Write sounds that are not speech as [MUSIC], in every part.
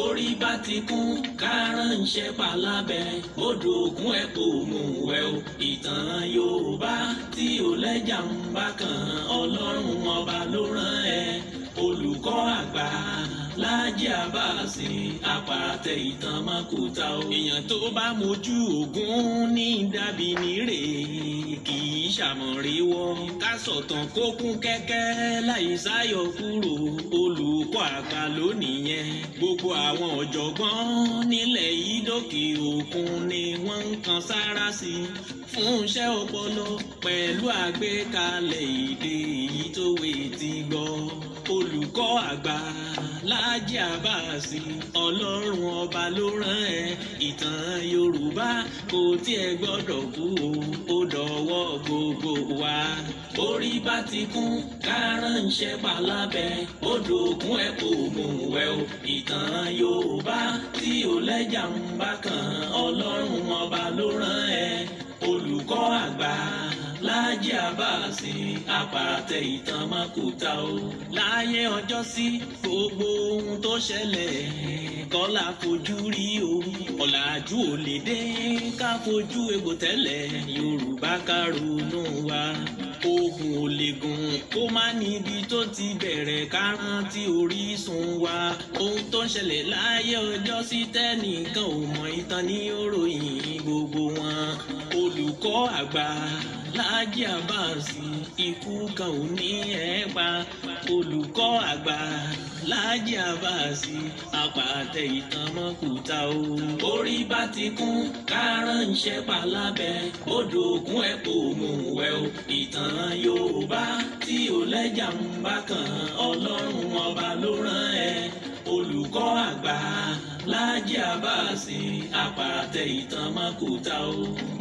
orí bá ti kú kárànṣẹ́ palábẹ́ odò ògùn ẹ̀ kò mú wẹ̀ o ìtàn Yorùbá tí ò lẹ́jà ń bá kan Ọlọ́run ọba ló rán ẹ olùkọ́ àgbà Láàjì Àbáàsì apàràtẹ ìtàn mọ́kúta o. èèyàn tó bá mojú ogun ní dàbí nírè kì í ṣàmọ̀ríwọ́. ká sọ̀tàn kó kún kẹ́kẹ́ láì sáyọ kúrò olùkọ́ àgbà lónìyẹn. gbogbo àwọn ọ̀jọ̀gbọ́n nílẹ̀ yìí òkun ni wọ́n ń kan sára sí i fún iṣẹ́ ọpọlọ pẹ̀lú àgbékalẹ̀ èdè èyí tó wé ti gbọ́ olùkọ́ àgbà Láàjì Abbas ọlọ́run ọba ló rán ẹ ìtàn Yorùbá kò tiẹ̀ gbọ́dọ̀ kú o ó dọ̀wọ́ gbogbo wa. orí bá ti kún kárànṣẹ́ palábẹ́ odò òkun ẹ̀ kò gùn wẹ̀ o ìtàn Yorùbá tí ò lẹ́jà ń bá kan ọlọ́run ọba ló rán ẹ olùkọ́ àgbà. Láàjì Àbáàsì àpàtẹ ìtàn mọ́kúta o. Láyé ọjọ́ sí gbogbo ohun tó ṣẹlẹ̀ kọ́lá fojú rí o. Ọ̀làjú ò lè dé ká fojú egbò tẹ́lẹ̀ Yorùbá ká ronú wa ogun ò lè gùn kó má níbi tó ti bẹ̀rẹ̀ ká rántí orísun wa ohun tó ń ṣẹlẹ̀ láyé ọjọ́ sí tẹ́nìkan ò mọ ìtàn ní òròyìn gbogbo wọn olùkọ́ àgbà Alhaji Abbas ikú kan ò ní ẹ pa olùkọ́ àgbà Alhaji Abbas apàtẹ ìtàn mọ́kùtà o. orí bá ti kún kárán ń ṣẹ́pà lábẹ́ odò òkun ẹ̀ kò mú wẹ̀ o. ìtàn Yorùbá tí ò lẹ́jà ń bá kan ọlọ́run ọba ló rán ẹ olùkọ́ àgbà. Láàjì Àbáàsì àpàtẹ ìtàn mọ́kùtà o.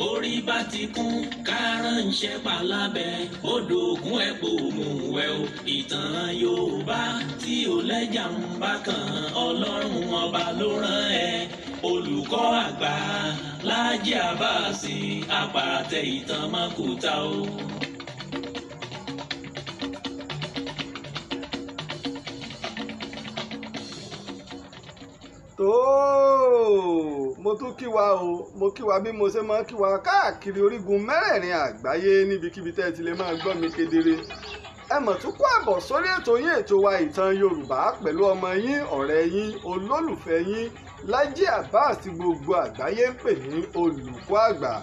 Orí bá ti kún kárán ń ṣẹ́pà lábẹ́. Odò ògùn ẹ̀ pò o. Ìtàn Yorùbá tí ò lẹ́jà ń bá kan Ọlọ́run ọba ló rán ẹ olùkọ́ àgbà Láàjì Àbáàsì àpàtẹ ìtàn mọ́kùtà o. tóó mo tún kí wa o mo kí wa bí mo ṣe máa kí wa káàkiri orígun mẹ́rẹ̀ẹ̀rin àgbáyé níbikíbi tẹ́ ẹ ti lè máa gbọ́ mi kedere ẹ mọ̀ tún kó àbọ̀ sórí ètò yín ètò wa ìtàn yorùbá pẹ̀lú ọmọ yín ọ̀rẹ́ yín olólùfẹ́ yín Lájí Abbas tí gbogbo àgbáyé ń pè ní olùkọ́ àgbà.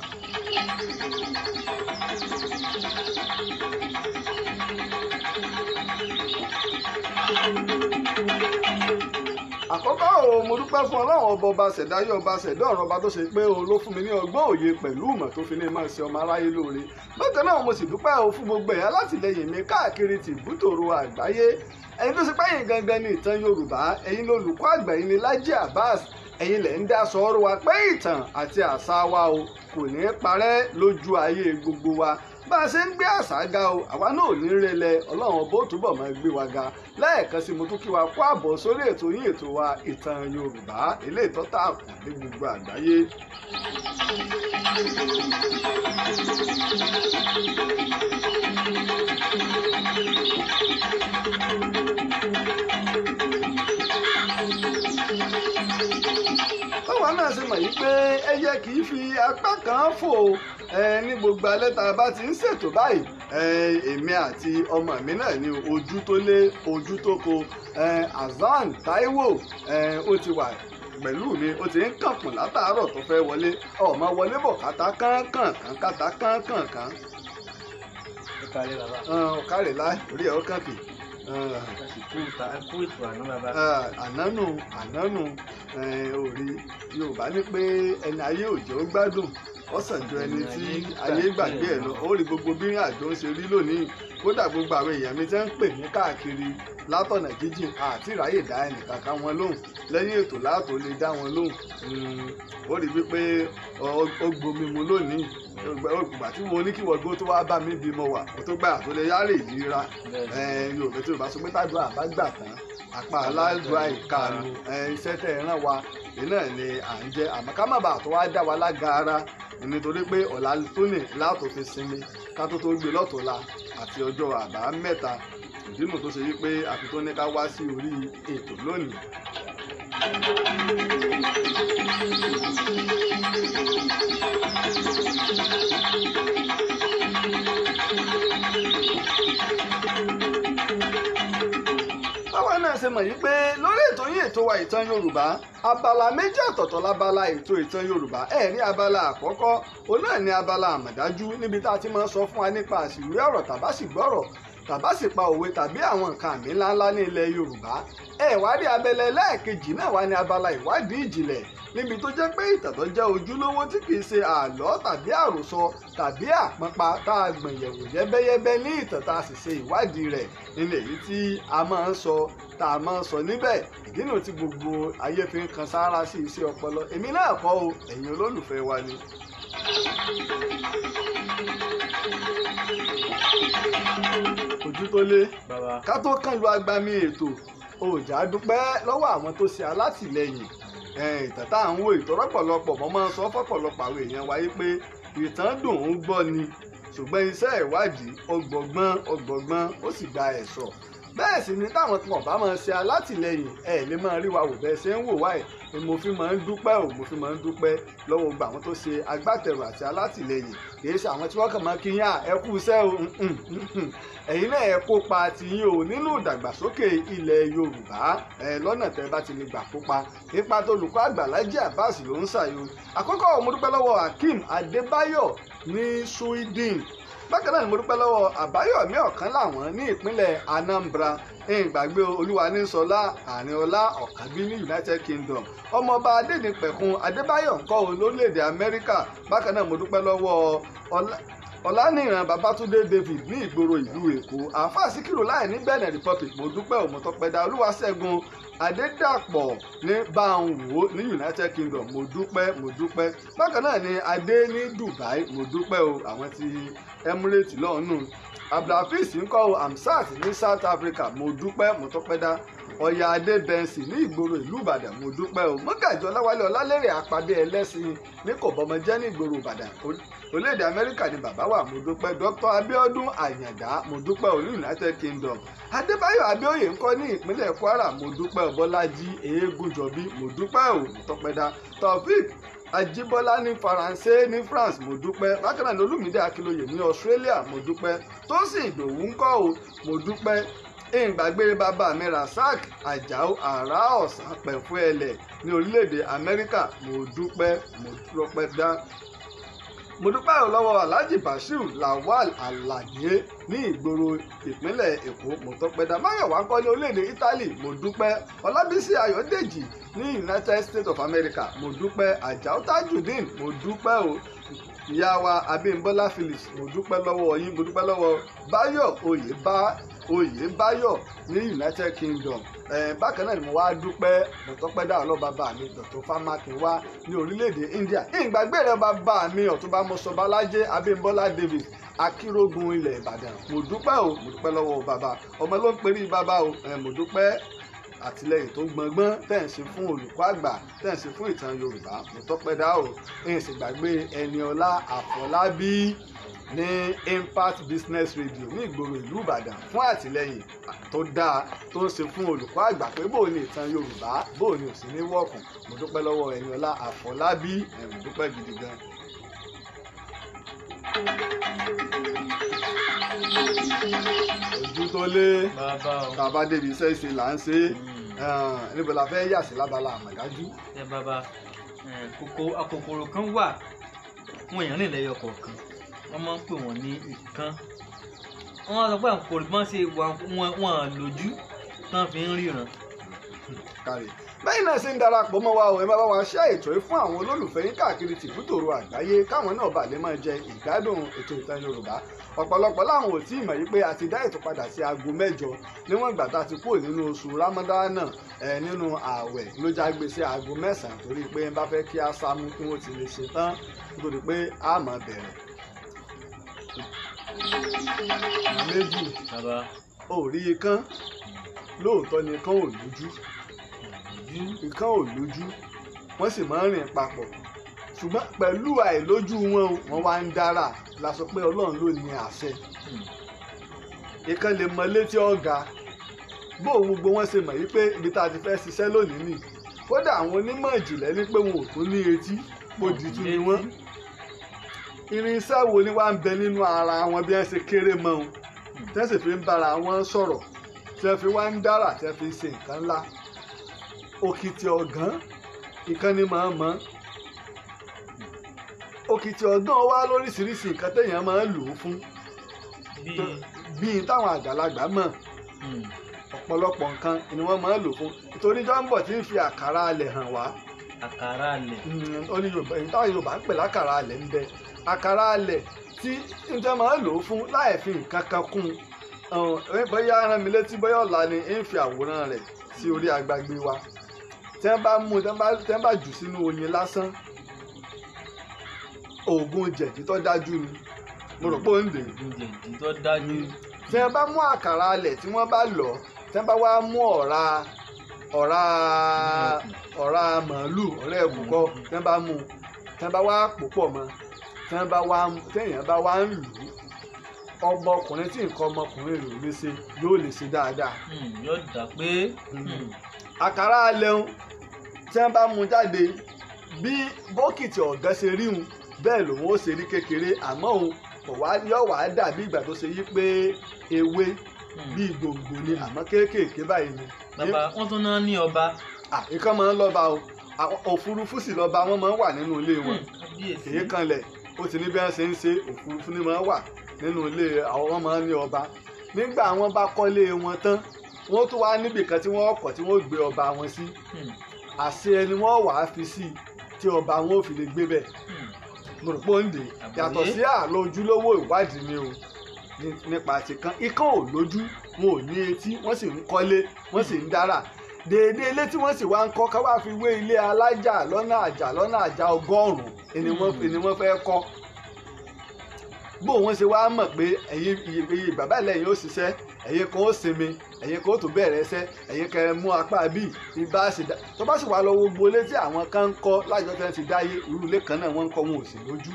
thank you àkọ́kọ́ o mo dúpẹ́ fún ọlọ́run ọba ọba ṣẹ̀dáyé ọba ṣẹ̀dá ọ̀rọ̀ ọba tó ṣe pé o ló fún mi ní ọgbọ́n òye pẹ̀lú ìmọ̀ tó fi ní máa ṣe ọmọ aráyé lóore lọ́tẹ̀ náà mo sì dúpẹ́ o fún gbogbo ẹ̀yà látìlẹyìn mi káàkiri tìbútòrò àgbáyé ẹ̀yin tó ṣe pẹ́yìn gangan ní ìtàn Yorùbá ẹ̀yin lolùkọ́ àgbà yìí ni Laji Abbas ẹ̀yin lẹ̀ ń dáṣọ ọ̀rọ̀ wa pé ìtàn àti àṣà wa o kò ní í parẹ lójú ayé gbogbo wa bá a ṣe ń gbé àṣà ga o àwa náà ò ní relẹ̀ ọlọ́run ọbọ̀ túbọ̀ máa gbé wa ga lẹ́ẹ̀kan sí mo tún kí wa kó àbọ̀ sórí ètò yín ètò wa ìtàn yorùbá eléyìí tó tà ní gbogbo àgbáyé. thank you báwa náà ṣe mọ̀ yìí pé ẹyẹ kì í fi apá kan fò ní gbogbo alẹ́ tá a bá ti ń ṣètò báyìí èmi àti ọmọ mi náà ní ojú tó lé ojú tó ko azan taiwo ó ti wà pẹ̀lú mi ó ti ń kànkùn látàárọ̀ tó fẹ́ wọlé ọmọ wọlé bọ̀ kàtà kánkàn kàtà kánkàn kan. ọ̀kàrẹ̀ láì orí ẹ̀ ó kàn kì í ànánù ah. ànánù eh, òrí yorùbá ní pé ẹni ayé òjò ó gbádùn ọ̀sán ju ẹni tí ayé gbàgbé ẹ̀ lọ ó rí gbogbo bí ìrìn àjò ń ṣe rí lónìí kódà gbogbo àwọn èèyàn mi tẹ́ ń pè mí káàkiri látọ̀nà jíjìn àti ìráyè dá ẹnì kankan wọn lóhùn lẹ́yìn ètò láàtò lè dá wọn lóhùn hmm. ó rí wípé ó gbomi mu lónìí ìgbà tí mo ní kí wọ́n gbó tó wá bá mi bí mo wà kó tó gbà tó lè yára ìyíra yorùbá tí yorùbá sọ pé tàdúrà bá gbà tán àpá aládùá ìkànnì iṣẹ́ tẹ̀ ẹ̀ ràn wá iná ni à ń jẹ́ àmọ́ ká má bàa tó wá dá wa lágara nítorí pé ọ̀la tó nì látò fi sinmi ká tó tó gbé lọ́tọ̀ọ̀la àti ọjọ́ àbámẹ́ta ìdínú tó ṣe wípé àfikún ní ká wá sí orí ètò lónìí. mọ̀ yìí pé lórí ètò yìí ètò wa ìtàn yorùbá abala méjì àtọ̀tọ̀ labala ètò ìtàn yorùbá ẹ̀ ní abala àkọ́kọ́ òun náà ní abala àmọ̀dájú níbi tá a ti máa sọ fún wa nípa àṣìwé ọ̀rọ̀ tàbá sì gbọ́rọ̀ tàbá sì pa òwe tàbí àwọn nǹkan àmì ńláńlá ní ilẹ̀ yorùbá ẹ̀ wá rí abẹ́lẹ̀ lẹ́ẹ̀kejì náà wá ní abala ìwádìí ìjìnlẹ̀ níbi tó jẹ́ pé ìtàn tó jẹ́ ojúlówó tí kìí ṣe àlọ́ tàbí àròsọ tàbí àpọ́npa tá a gbọ̀n yẹ̀wò yẹ́bẹ́yẹ́bẹ́ ní ìtàn tá a sì ṣe ìwádìí rẹ̀ nílẹ̀ yìí tí a máa ń sọ tá a máa ń sọ níbẹ̀ ìdí nù tí gbogbo ayé fi ń kan sára sí iṣẹ́ ọpọlọ èmi náà kọ́ o ẹ̀yin olólùfẹ́ wa ni. ojú tó lé ká tó kàn lu agbami ètò òòjà dúpẹ́ lọ́wọ́ àwọn tó ṣe alátìlẹyìn ìtàn tá à ń wo ìtọ́rọ́pọ̀lọpọ̀ mọ́ máa ń sọ fọ́pọ̀lọpọ̀ àwọn èèyàn wáyé pé ìtàn dùn ún gbọ́ ni ṣùgbọ́n iṣẹ́ ìwádìí ọgbọ̀gbọ́n ọgbọ̀gbọ́n ó sì gba ẹ̀sọ̀ bẹ́ẹ̀ sì ni táwọn tí wọ́n bá máa ṣe alátìlẹyìn ẹ̀ lè máa rí wa wò bẹ́ẹ̀ ṣe ń wò wáyé ni mo fi máa ń dúpẹ́ o mo fi máa ń dúpẹ́ lọ́wọ́ gbà àwọn tó ṣe agbátẹrù àti alátìlẹyìn kì í ṣe àwọn tí wọ́n kàn máa kí yín à ẹ kú iṣẹ́ o ẹ̀yin náà ẹ kópa ti yín o nínú ìdàgbàsókè ilẹ̀ Yorùbá ẹ lọ́nà tẹ́ bá ti lè gbà kópa ipa tó olùkọ́ àgbà Lájí Abbas ló ń ṣàyò àkọ́kọ́ mo dúpẹ́ lọ́wọ́ Hakeem Adébáyọ̀ ní Sweden bákan náà ni mo dúpẹ́ lọ́wọ́ àbáyọ̀mí ọ̀kan làwọn ní ìpínlẹ̀ Anambra ìgbàgbé olúwanísọlá àrínọlá ọ̀kánbí ní United Kingdom ọmọọba adẹnipẹ̀kun adébáyọ̀ ńkọ́ olórílẹ̀‐èdè Amẹ́ríkà bákan náà mo dúpẹ́ lọ́wọ́ ọ̀lànìyàn babatunde david ní ìgboro ìlú èkó àáfàá síkírù láì ní benin republic mo dúpẹ́ òmùtọ́pẹ́dá olúwaṣẹ́gun adédàpọ̀ ní báńwó ní united kingdom mo dúpẹ́ mo dúpẹ́ bákan náà ni adé ní dubai mo dúpẹ́ o àwọn ti emirates lọ́ọ̀nù abdulhafiz ń kọ́ o amsat ní south africa mo dúpẹ́ mo tọ́pẹ́ ọ̀yà adébẹ̀nsì ní ìgboro ìlú ìbàdàn mo dúpẹ́ o mọ́gàjọ ọláwálé ọlálẹ́rẹ̀ àpàbí ẹlẹ́sìn ní kò bọ́mọjẹ́ ní ìgboro ìbàdàn orílẹ̀-èdè amẹ́ríkà ni bàbá wa mo dúpẹ́ dr abíọ́dún àyàndá mo dúpẹ́ olú united kingdom adébáyọ̀ abíọ́yè ńkọ́ ní ìpínlẹ̀ kwara mo dúpẹ́ bọ́lájí eégúnjọbí mo dúpẹ́ o tọpẹ́dá taofik ajíbọ́lá ní faransé ní france mo dúpẹ́ bákan náà lolúmídé akínlóye ní australia mo dúpẹ́ tósìn ìdòwú ńkọ́ o mo dúpẹ́ ìgbàgbére bàbá mi Rasaq Ajao àrà ọ̀sà pẹ̀fú ẹlẹ̀ ní orílẹ̀-èdè Amẹ́ríkà mo dúpẹ́ mo dúpẹ́ dá mo dúpẹ́ lọ́wọ́ Alhaji Bashir Lawal Alaye ní ìgboro ìpínlẹ̀ Èkó mo tọpẹ́ dá Máyọ̀wá kọ́ ní orílẹ̀-èdè Italy mo dúpẹ́ Ọlábísí Ayọ̀dèjì ní United States of America mo dúpẹ́ Ajao Tajudeen mo dúpẹ́ o ìyá wa Abímbọ́lá Phillips mo dúpẹ́ lọ́wọ́ yín mo dúpẹ́ lọ́wọ́ Báyọ̀ Oyèbá Oyèbáyọ̀ ní United Kingdom bákan náà ni mo wá dúpẹ́ dọ̀tọ́pẹ́ dá ọlọ́ba bá mi dọ̀tọ́ fámákin wá ní orílẹ̀-èdè India ìgbàgbé rẹ̀ bàbá mi ọ̀túnba mọ̀sọ̀bálájẹ́ Abímbọ́lá Davis akírógun ilẹ̀ Ìbàdàn mo dúpẹ́ o mo dúpẹ́ lọ́wọ́ bàbá ọmọ ló ń perí bàbá o mo dúpẹ́ àtìlẹyìn tó gbọngbọn tẹ̀ ń ṣe fún olùkọ́ àgbà tẹ̀ ń ṣe fún ìtàn Yorùbá mo tọ́pẹ́ dá o èyí sì gbàgbé ẹni ọlá Àfọlábí ní impact business radio ní ìgboro ìlú ìbàdàn fún àtìlẹyìn tó dáa tó ń ṣe fún olùkọ́ àgbà pé bó ni ìtàn yorùbá bó ni òsì ní wọ̀kùn mo dúpẹ́ lọ́wọ́ ẹniọlá àfọlábí mo dúpẹ́ gidi gan. ojú tó lé bàbá débi iṣẹ́ ìṣe là ń ṣe hmm. níbo la fẹ́ yà sí lábala àmọ̀dájú. ẹ bàbá kòkòrò kan wà fún èèyàn nílẹ̀ yọkọ̀ọ̀kan wọ́n máa ń pè wọ́n ní ìkan wọ́n sọ pé kò bọ́n ṣe wọ́n lójú tán fi ń ríran. bẹ́ẹ̀ náà ṣe ń darapọ̀ mọ́ wa o ẹ máa bá wa ṣe ètò yìí fún àwọn olólùfẹ́ yín káàkiri tìbútòrò àgbáyé káwọn náà bà lè máa jẹ ìgbádùn ètò ìtàn Yorùbá ọ̀pọ̀lọpọ̀ láwọn ò tí ì mọ̀ yí pé a ti dá ètò padà sí aago mẹ́jọ níwọ̀n ìgbà tá a ti kúrò nínú oṣù Ramadana ẹ nínú ààwẹ̀ ló já gbé sí aago mẹ́sàn-án torí pé ń bá fẹ́ kí a sá mú kí wọ́n ti lè ṣe tán nítorí pé a máa bẹ̀rẹ̀ méjì òrí ikán lóòótọ́ ni ikán ò lójú ikán ò lójú wọ́n sì máa ń rìn papọ̀ ṣùgbọ́n pẹ̀lú àìlójú wọn wọ́n wá ń dára la sọ pé ọlọ́run ló ní àṣẹ ikán lè mọ létí ọ̀gá bóun gbogbo wọn ṣe mọ̀ yí pé ibi tá a ti fẹ́ ṣiṣẹ́ lónìí nì kódà àwọn onímọ̀ ìjìnlẹ̀ ní pé wọn ò tún ní etí bó di tún ni wọ́n irinṣẹ́ wo ni wà ń bẹ nínú ara wọn bí ẹ ṣe kéré mọ́ wọn tẹ́sí fi ń bára wọn sọ̀rọ̀ tẹ́ fi wá ń dára tẹ́ fi ṣe nǹkan ńlá òkìtì ọ̀gán ni máa mọ́ òkìtì ọ̀gán wá lóríṣiríṣi nǹkan téèyàn máa lò ó fún bíi táwọn àgbàlagbà mọ̀ hmm. ọ̀pọ̀lọpọ̀ nǹkan ni wọ́n máa lò fún nítorí jọ́ńbọ̀ tí ń fi àkàrà alẹ̀ hàn wá àkàrà alẹ̀. Hmm, ó ní yorùbá èyí táwọn yorùbá ń pè lákàrà alẹ̀ ń bẹ àkàrà alẹ̀ tí njẹ́ máa lò ó fún láì fi nǹkan kan kún un bóyá rán mi létí bóyá ọ̀la ni ń fi àwòrán rẹ̀ sí orí agbágbé wa tẹ́ ń bá mú tẹ́ bá jù sínú oyin lásán oògùn jẹ̀dí tó dájú ni mo rò pé ó ń dè. oògùn jẹ̀dí tó dájú. Hmm. tẹ́ bá mú àkàrà alẹ̀ tí wọ́n bá lọ̀ tẹ́ bá wá mú ọ̀ra ọ̀rá ọ̀rá màálù ọ̀rá ẹ̀kúkọ tí wọ́n bá mú tí wọ́n bá wá pò pọ̀ mọ́ tí wọ́n bá wá téèyàn bá wá ń lù ú ọmọ ọkùnrin tí nǹkan ọmọkùnrin rẹ̀ ò lè ṣe yóò lè ṣe dáadáa. Hmm, yóò dà pé. Hmm. àkàrà alẹ́hun tí wọ́n bá mú jáde bí bọ́kìtì ọ̀gá ṣe rí hun bẹ́ẹ̀ lòun ó ṣe rí kékeré àmọ́ òun yóò wá dà bí ìgbà tó ṣe yí pé ewé hmm. bí gbòǹgbò ni àmọ́ kéékèèké báyìí ni bàbá wọn tún náà ní ọba. ìkan máa ń lọ́ba o òfurufú sì lọ́ba wọn máa ń wà nínú ilé wọn hmm, èyí kan lẹ̀ ó ti ní bí wọ́n ṣe ń ṣe òfurufú ni máa ń wà nínú ilé àwọn máa ń ní ọba nígbà wọn bá kọ́lé wọn tán wọ́n tún wá níbì kan tí wọ́n kọ́ tí wọ́n gbé ọba wọn sí hmm. àṣẹ ẹni wọ́n wàá fi sí tí ọba wọn ò fi lè gbé bẹ́ẹ̀ hmm. mo rò pé ó ń dè yàtọ̀ sí àlọ́ ojúlówó ìwádìí ni o nípa ti kan ikán ò lójú wọn ò ní etí wọ́n sì ń kọ́lé wọ́n sì ń dára dèédé ilé tí wọ́n sì wá ń kọ́ ká wá fi wé ilé alájà lọ́nà àjà lọ́nà àjà ọgọ́rùn-ún ni wọ́n fẹ́ kọ́ bó wọ́n ṣe wá mọ̀ pé ẹ̀yin iye bàbá ìlẹ́yìn ó ṣiṣẹ́ ẹ̀yin kan ó sinmi ẹ̀yin kan ó tún bẹ̀rẹ̀ ẹsẹ̀ ẹ̀yin kan ẹ mú apá bíi ibà ṣe dá tó bá sì wá lọ wo gbolé tí àwọn kan ń kọ́ lájọ́ tẹ́ ti dáyé irú ilé kan náà wọ́n ń kọ́ wọn ò sì lójú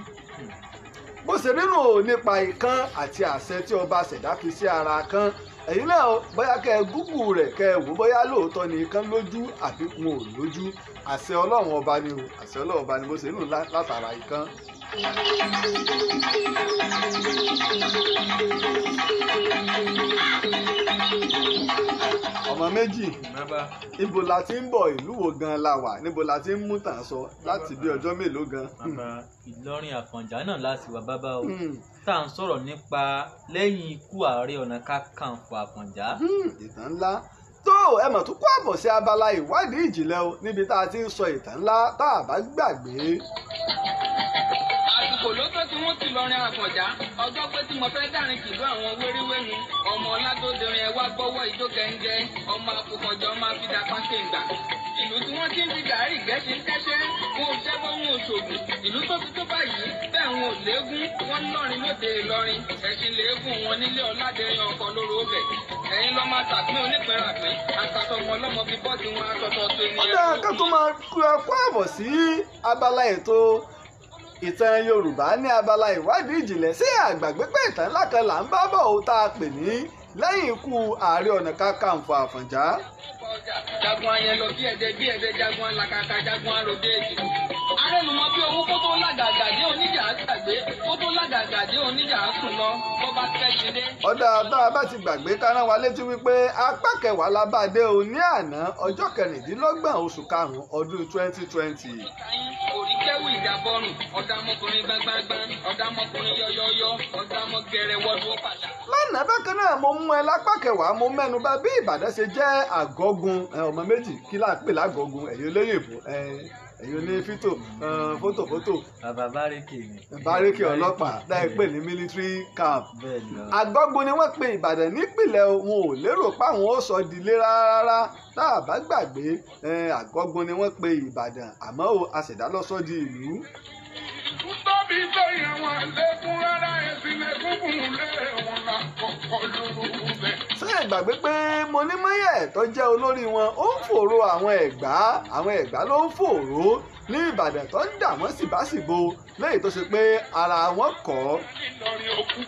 bó ṣe rí nù ó nípa ikán àti àṣẹ tí ọba ṣẹ̀dá fi sí ara kan ẹ̀yin náà bóyá kẹ́ ẹ gúgù rẹ̀ kẹ́ ẹ wò bóyá lóòótọ́ ni ikán lójú àbí wọn ò lójú àṣẹ ọlọ́run ọba ni o àṣẹ ọlọ́run ọba ni bó ṣe rí látara ikán ọmọ méjì ibo la ti ń bọ̀ ìlú wo gan la wà níbo la ti ń mú tàn sọ láti bí ọjọ́ mélòó gan. Ìlọrin Àfọ̀njá náà láti wà bàbá o hmm. tá à ń sọ̀rọ̀ nípa lẹ́yìn ikú Ààrẹ Ọ̀nà Kakanfò Àfọ̀njá. Hmm, ìtàn ńlá tó ẹ mọ̀ tó kó àbọ̀ sí abala ìwádìí ìjìnlẹ̀ o níbi tá a ti ń sọ ìtàn ńlá tá a bá gbàgbé kòló tó ti wọ́n ti lọrin àfọ̀já ọjọ́ pé tí mo fẹ́ dàrin kìlú àwọn wéríwénu ọmọ ọlátòdìrin ẹ wá gbọ́wọ́ ìjó kẹ́ńgẹ́ ọmọ àfọkànjọ máa fi dapá kéńgbà ìlú tí wọ́n ti ń fi gàárì gẹ́sẹ̀ kẹ́sẹ́ wọn ò ṣẹ́gbọ́ wọn ò ìlú tó fi tó báyìí bẹ́ẹ̀ wọn ò léegun wọn ń lọrin lóde Ìlọrin ẹ̀sìn léegun wọn nílé ọ̀làdẹ̀rin ọkọ̀ lóró bẹ̀ ẹ̀yin lọ́ máa tàpín onípẹ̀rẹ̀pẹ̀ àtàtọmọ ọlọ́mọ fi bọ́ọ̀tì wọn àtọ̀tọ̀ tó ènìyàn. ọ̀dà ká máa kú ẹ àbọ̀ sí abala ètò ìtàn yorùbá ní abala ìwádìí ìjìnlẹ̀ sí àgbàgbé pé ìtàn ńlá kan là ń bá bọ̀ ó tá a pè ní lẹ́yìn ikú ààrẹ ọ̀nà kakanfò àfọ̀njá. jagun ayẹlọ bí ẹ̀dẹ̀ bí ẹ̀dẹ̀ jagun alakaka jagun arọ bí èjì rẹ́nu mọ́ bí owó kó tó lágàgà dé oníjà àgbàgbé kó tó lágàgà dé oníjà àsùn lọ bó bá tẹ́ ṣe dé. ọ̀dà bá a bá ti gbàgbé ká rán wa létí wípé apá kẹwàá la bá a dé o ní àná ọjọ́ kẹrìndínlọ́gbọ̀n oṣù karùn-ún ọdún twenty twenty. oríkẹ́wì ìdábọ̀rùn ọ̀dàmọkùnrin gbágbágbá ọ̀dàmọkùnrin yọyọyọ ọ̀dàmọ gẹrẹ wọ́dún ó padà. lánàá bákan náà mo mú ẹ lápá kẹwàá mo mẹ́nu bí Ìbàdàn ṣe jẹ́ àgọ́gun ọmọ méjì kí láà pè lágọ́gun ẹ̀yìn olóyìnbó èyí ní fítò fótò fótò. bàbá bárẹ́kì ni. bárẹ́kì ọlọ́pàá láì pè ní military camp. àgbọ́gbo ni wọ́n pe ìbàdàn nípìnlẹ̀ wọn ò lérò páwọn ó sọ dilé rárá tá a bá gbàgbé àgbọ́gbo ni wọ́n pe ìbàdàn àmọ́ o àṣẹ̀dá lọ́sọ́ di ìlú. tóbi tó yẹ wọn lẹkùn rárá ẹsìn lẹkùn kùn lé wọn lákòókò lóru gbàgbé pé Monímọ́yẹ̀ tó jẹ́ olórí wọn ó ń fòòró àwọn Ẹ̀gbá àwọn Ẹ̀gbá ló ń fòòró ní Ìbàdàn tó ń dà wọ́n síbáṣìbo lẹ́yìn tó ṣe pé ara wọn kọ́. Ìlọrin òkúkú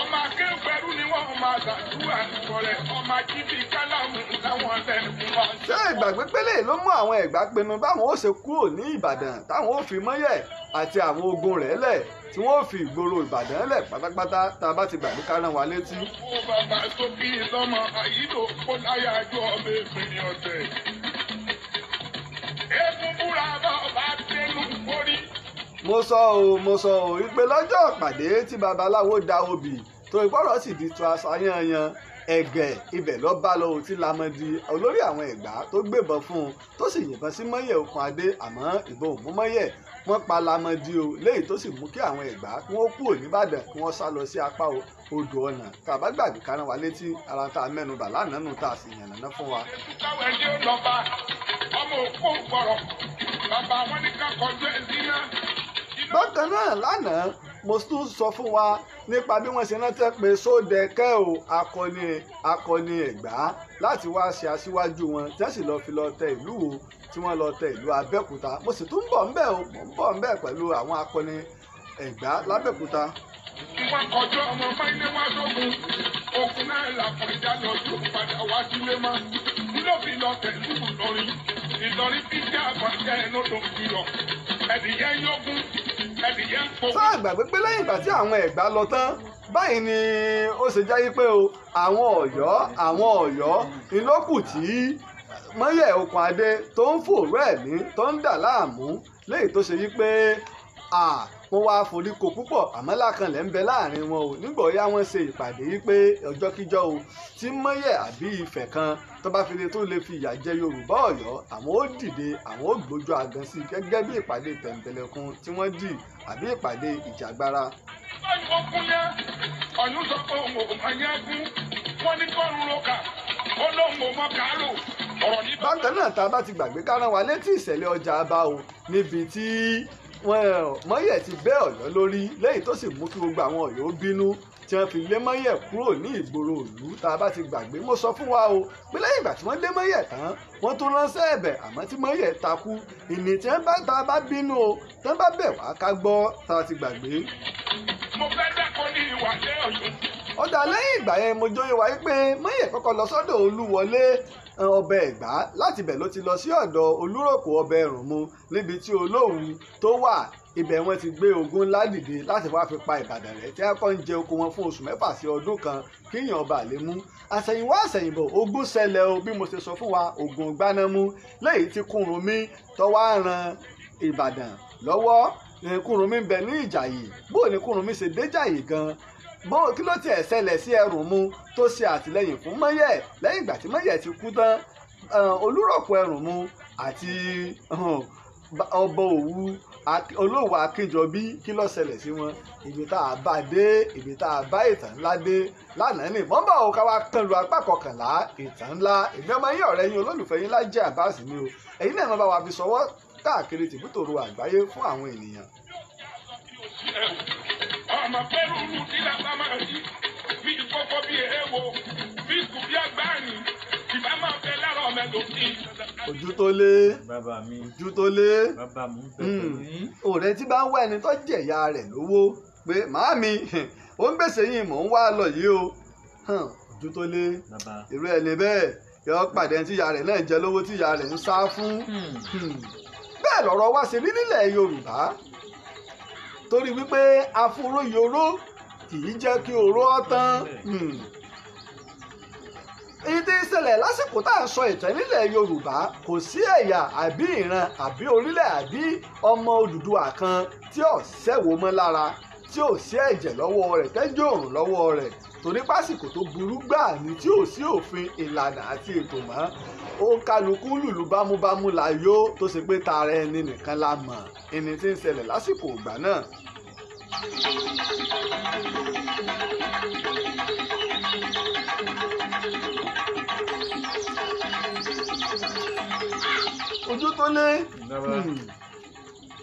ọmọ akéwẹrú ni wọn máa ṣàdúrà nìkọrẹ ọmọ ajínigbé kálámù táwọn tẹnukú wọn. ṣé ìgbàgbé pélé ló mú àwọn Ẹ̀gbá pinnu báwọn ó ṣe kúrò ní Ìbàdàn táwọn ó fi Mọ́yẹ̀ àti àwọn ogun rẹ̀ lẹ̀ tí wọ́n fi ìgboro ìbàdàn lẹ̀ pátápátá tá a bá ti gbà ní kárán wa létí. ó bàbá tó bí lọ́mọ àyídò kó láyà àjọ ọmọ èmi ní ọ̀sẹ̀. eégún búra bàbá tẹnu kórí. mo sọ o mo sọ o wípé lọ́jọ́ ìpàdé tí babaláwo da obì tó ìgbọ́rọ̀ sì di tu aṣayanyan ẹ̀gẹ̀ ibẹ̀ lọ bá lọ òtí lamọdi olórí àwọn ẹ̀gbá tó gbébọn fún un tó sì yìnbọn sí mọ́yẹ̀ okùn adé àmọ́ ìbọn òmú wọ́n palamọ́dí o léyìí tó sì mú kí àwọn ẹ̀gbá kí wọ́n kúrò nìbàdàn kí wọ́n sá lọ sí apá odò ọ̀nà tàbá gbàgbé karan wa létí ara tá a mẹ́nu bà lánàá nù tá a sì yànnàná fún wa. bákan náà lánàá mo tún sọ fún wa nípa bí wọ́n ṣe rántí pé Sódẹkẹ́ o akọni akọni Ẹ̀gbá láti wá ṣe aṣíwájú wọn tí ìlú o tí wọ́n lọ tẹ ìlú Abẹ́òkúta mo sì tún ń bọ̀ ńbẹ̀ o mo ń bọ̀ ńbẹ̀ pẹ̀lú àwọn akọni Ẹ̀gbá lábẹ́òkúta. ìwà ọjọ́ ọmọ fáyínlẹ̀ wá sógun okùn náà là fún ìjà tó padà wá sílé mọ́ nílòbí lọ tẹ̀lú Ìlọrin Ìlọrin tí jẹ́ àgbàjẹ́ ẹ̀ lọ́dọ̀ ìlọ̀ ẹ̀dìyẹ yọgún ẹ̀dìyẹ pọ̀. sáà gbàgbé pé lẹ́yìn ìgbà tí àwọn Ẹ̀gbá lọ tán báyìí ni ó ṣe jáyé pé o àwọn Ọ̀yọ́ àwọn Ọ̀yọ́ ìlókù tí mọ́yẹ̀ okùn adé tó ń fòró ẹ̀mí tó ń dà láàmú léyìí tó ṣe wípé wọ́n wá foríko púpọ̀ àmọ́ lákànlẹ̀ ń bẹ láàrin wọn o nígbà ọ̀yá wọn ṣe ìpàdé wípé ọjọ́kíjọ́ o tí mọ́yẹ̀ àbí ìfẹ́ kan tó bá fi lè tó lè fi ìyà jẹ Yorùbá Ọ̀yọ́ àwọn ó dìde àwọn ó gbójú agan sí gẹ́gẹ́ bí ìpàdé tẹ̀m̀bẹ̀lẹ̀kun tí wọ́n dì àbí ìpàdé ìjàgbara. ọ̀nù sọ pé òun ò bákan náà tá a bá ti gbàgbé kárán wa létí ìṣẹ̀lẹ̀ ọjà abáwo níbi tí mọ́yẹ̀ ti bẹ́ ọ̀yọ́ lórí lẹ́yìn tó sì mú kí gbogbo àwọn ọ̀yọ́ bínú tí wọ́n fi lé mọ́yẹ̀ kúrò ní ìgboro ìlú tá a bá ti gbàgbé mo sọ fún wa o pé lẹ́yìn ìgbà tí wọ́n lé mọ́yẹ̀ tán wọ́n tún ránṣẹ́ ẹ̀bẹ̀ àmọ́ tí mọ́yẹ̀ takú ìní tí wọ́n bá tá a bá bínú o tí wọ́n bá bẹ̀ wá ká gbọ́ tá a ti gbàgbé. mo fẹ́ dẹ́kun ní ìwà lẹ́yìn ọ̀yọ́ ó dá lẹ́yìn ìgbà yẹn mo jóye wáyé pé mọ́yẹ̀ kọ́kọ́ lọ sọ́dọ̀ olúwọlé ọbẹ̀ ẹ̀gbá láti bẹ̀ ló ti lọ sí ọ̀dọ̀ olúròkò ọbẹ̀ ẹ̀rùnmu níbi tí olóhùn tó wà ibẹ̀ wọn ti gbé ogun ńlá dìde láti wáá fi pa ìbàdàn rẹ̀ tí a kọ́ ń jẹ oko wọn fún oṣù mẹ́fà sí ọdún kan kíyàn ọba lè mú àṣẹ̀yìnwá àṣẹ̀yìnbọ̀ ogun ṣẹlẹ̀ o bí mo ṣe sọ fún wa ogun gbanámú léyìí tí Kúrúnmí tọ́wọ́ ran ìbàdàn lọ́wọ́ Kúrúnmí ń bẹ ní Ìjàyè bóò ni Kúrúnmí ṣe dé Ìjàyè gan-an bó kí ló tiẹ̀ ṣẹlẹ̀ sí ẹrù mu tó ṣe àtìlẹ́yìn fún mọ́yẹ̀ lẹ́yìn ìgbà tí mọ́yẹ̀ ti kú tán olúrọ̀kọ ẹrù mu àti ọba òwu olówó akínjọbí kí ló ṣẹlẹ̀ sí wọn ibi tá a bá dé ibi tá a bá ìtàn ńlá dé lánàá ní ìbọn bá òkà wa kan lu apá kọkànlá ìtàn ńlá èmi ọmọ yín ọ̀rẹ́ yín olólùfẹ́ yín Lájí Abbas ni o ẹ̀yin náà bá wa fi sọwọ́ káàkiri tìbútòrò àgbáyé fún àwọn ènìyàn ọmọkẹ́rù tí lápá máa rí bí ìkókó bí èèwọ̀ bí ìkù bí agbáàrin ìbá máa fẹ́ lára ọmọ ẹlòmíì. ojú tó lé ojú tó lé hmm. ọ̀rẹ́ tí bá ń wá ẹni tó jẹ̀yà rẹ̀ lówó pé màámi [LAUGHS] ó ń gbèsè yìí mò ń wá lọ yìí o ojú tó lé irú ẹni bẹ́ẹ̀ yọ pàdé tí ìyá rẹ̀ náà jẹ lówó tí ìyá rẹ̀ ń sá fún hmm. Hmm. bẹ́ẹ̀ lọ̀rọ̀ wá sí rí nílẹ̀ Yorùbá torí wípé aforo ìyóró kì í jẹ́ kí oró ọ̀tán ìdí hmm. ìṣẹ̀lẹ̀ lásìkò tá à ń sọ ìtàn nílẹ̀ yorùbá kò sí ẹ̀yà àbí ìran àbí orílẹ̀ àbí ọmọ Odùduwà kan tí ò sẹ́wó mọ́ lára tí ò sí ẹ̀jẹ̀ lọ́wọ́ rẹ̀ tẹ́jọ́ òrùn lọ́wọ́ rẹ̀ torí pásìkò tó burú gbà ní tí ò sí òfin ìlànà àti ètò mọ́ ó ń kálukú lùlù bámúbámú la yó tó ṣe pé tara ẹni nìkan la mọ̀ ẹni tí ń ṣẹlẹ̀ lásìkò ìgbà náà. ojú tó lé hmm.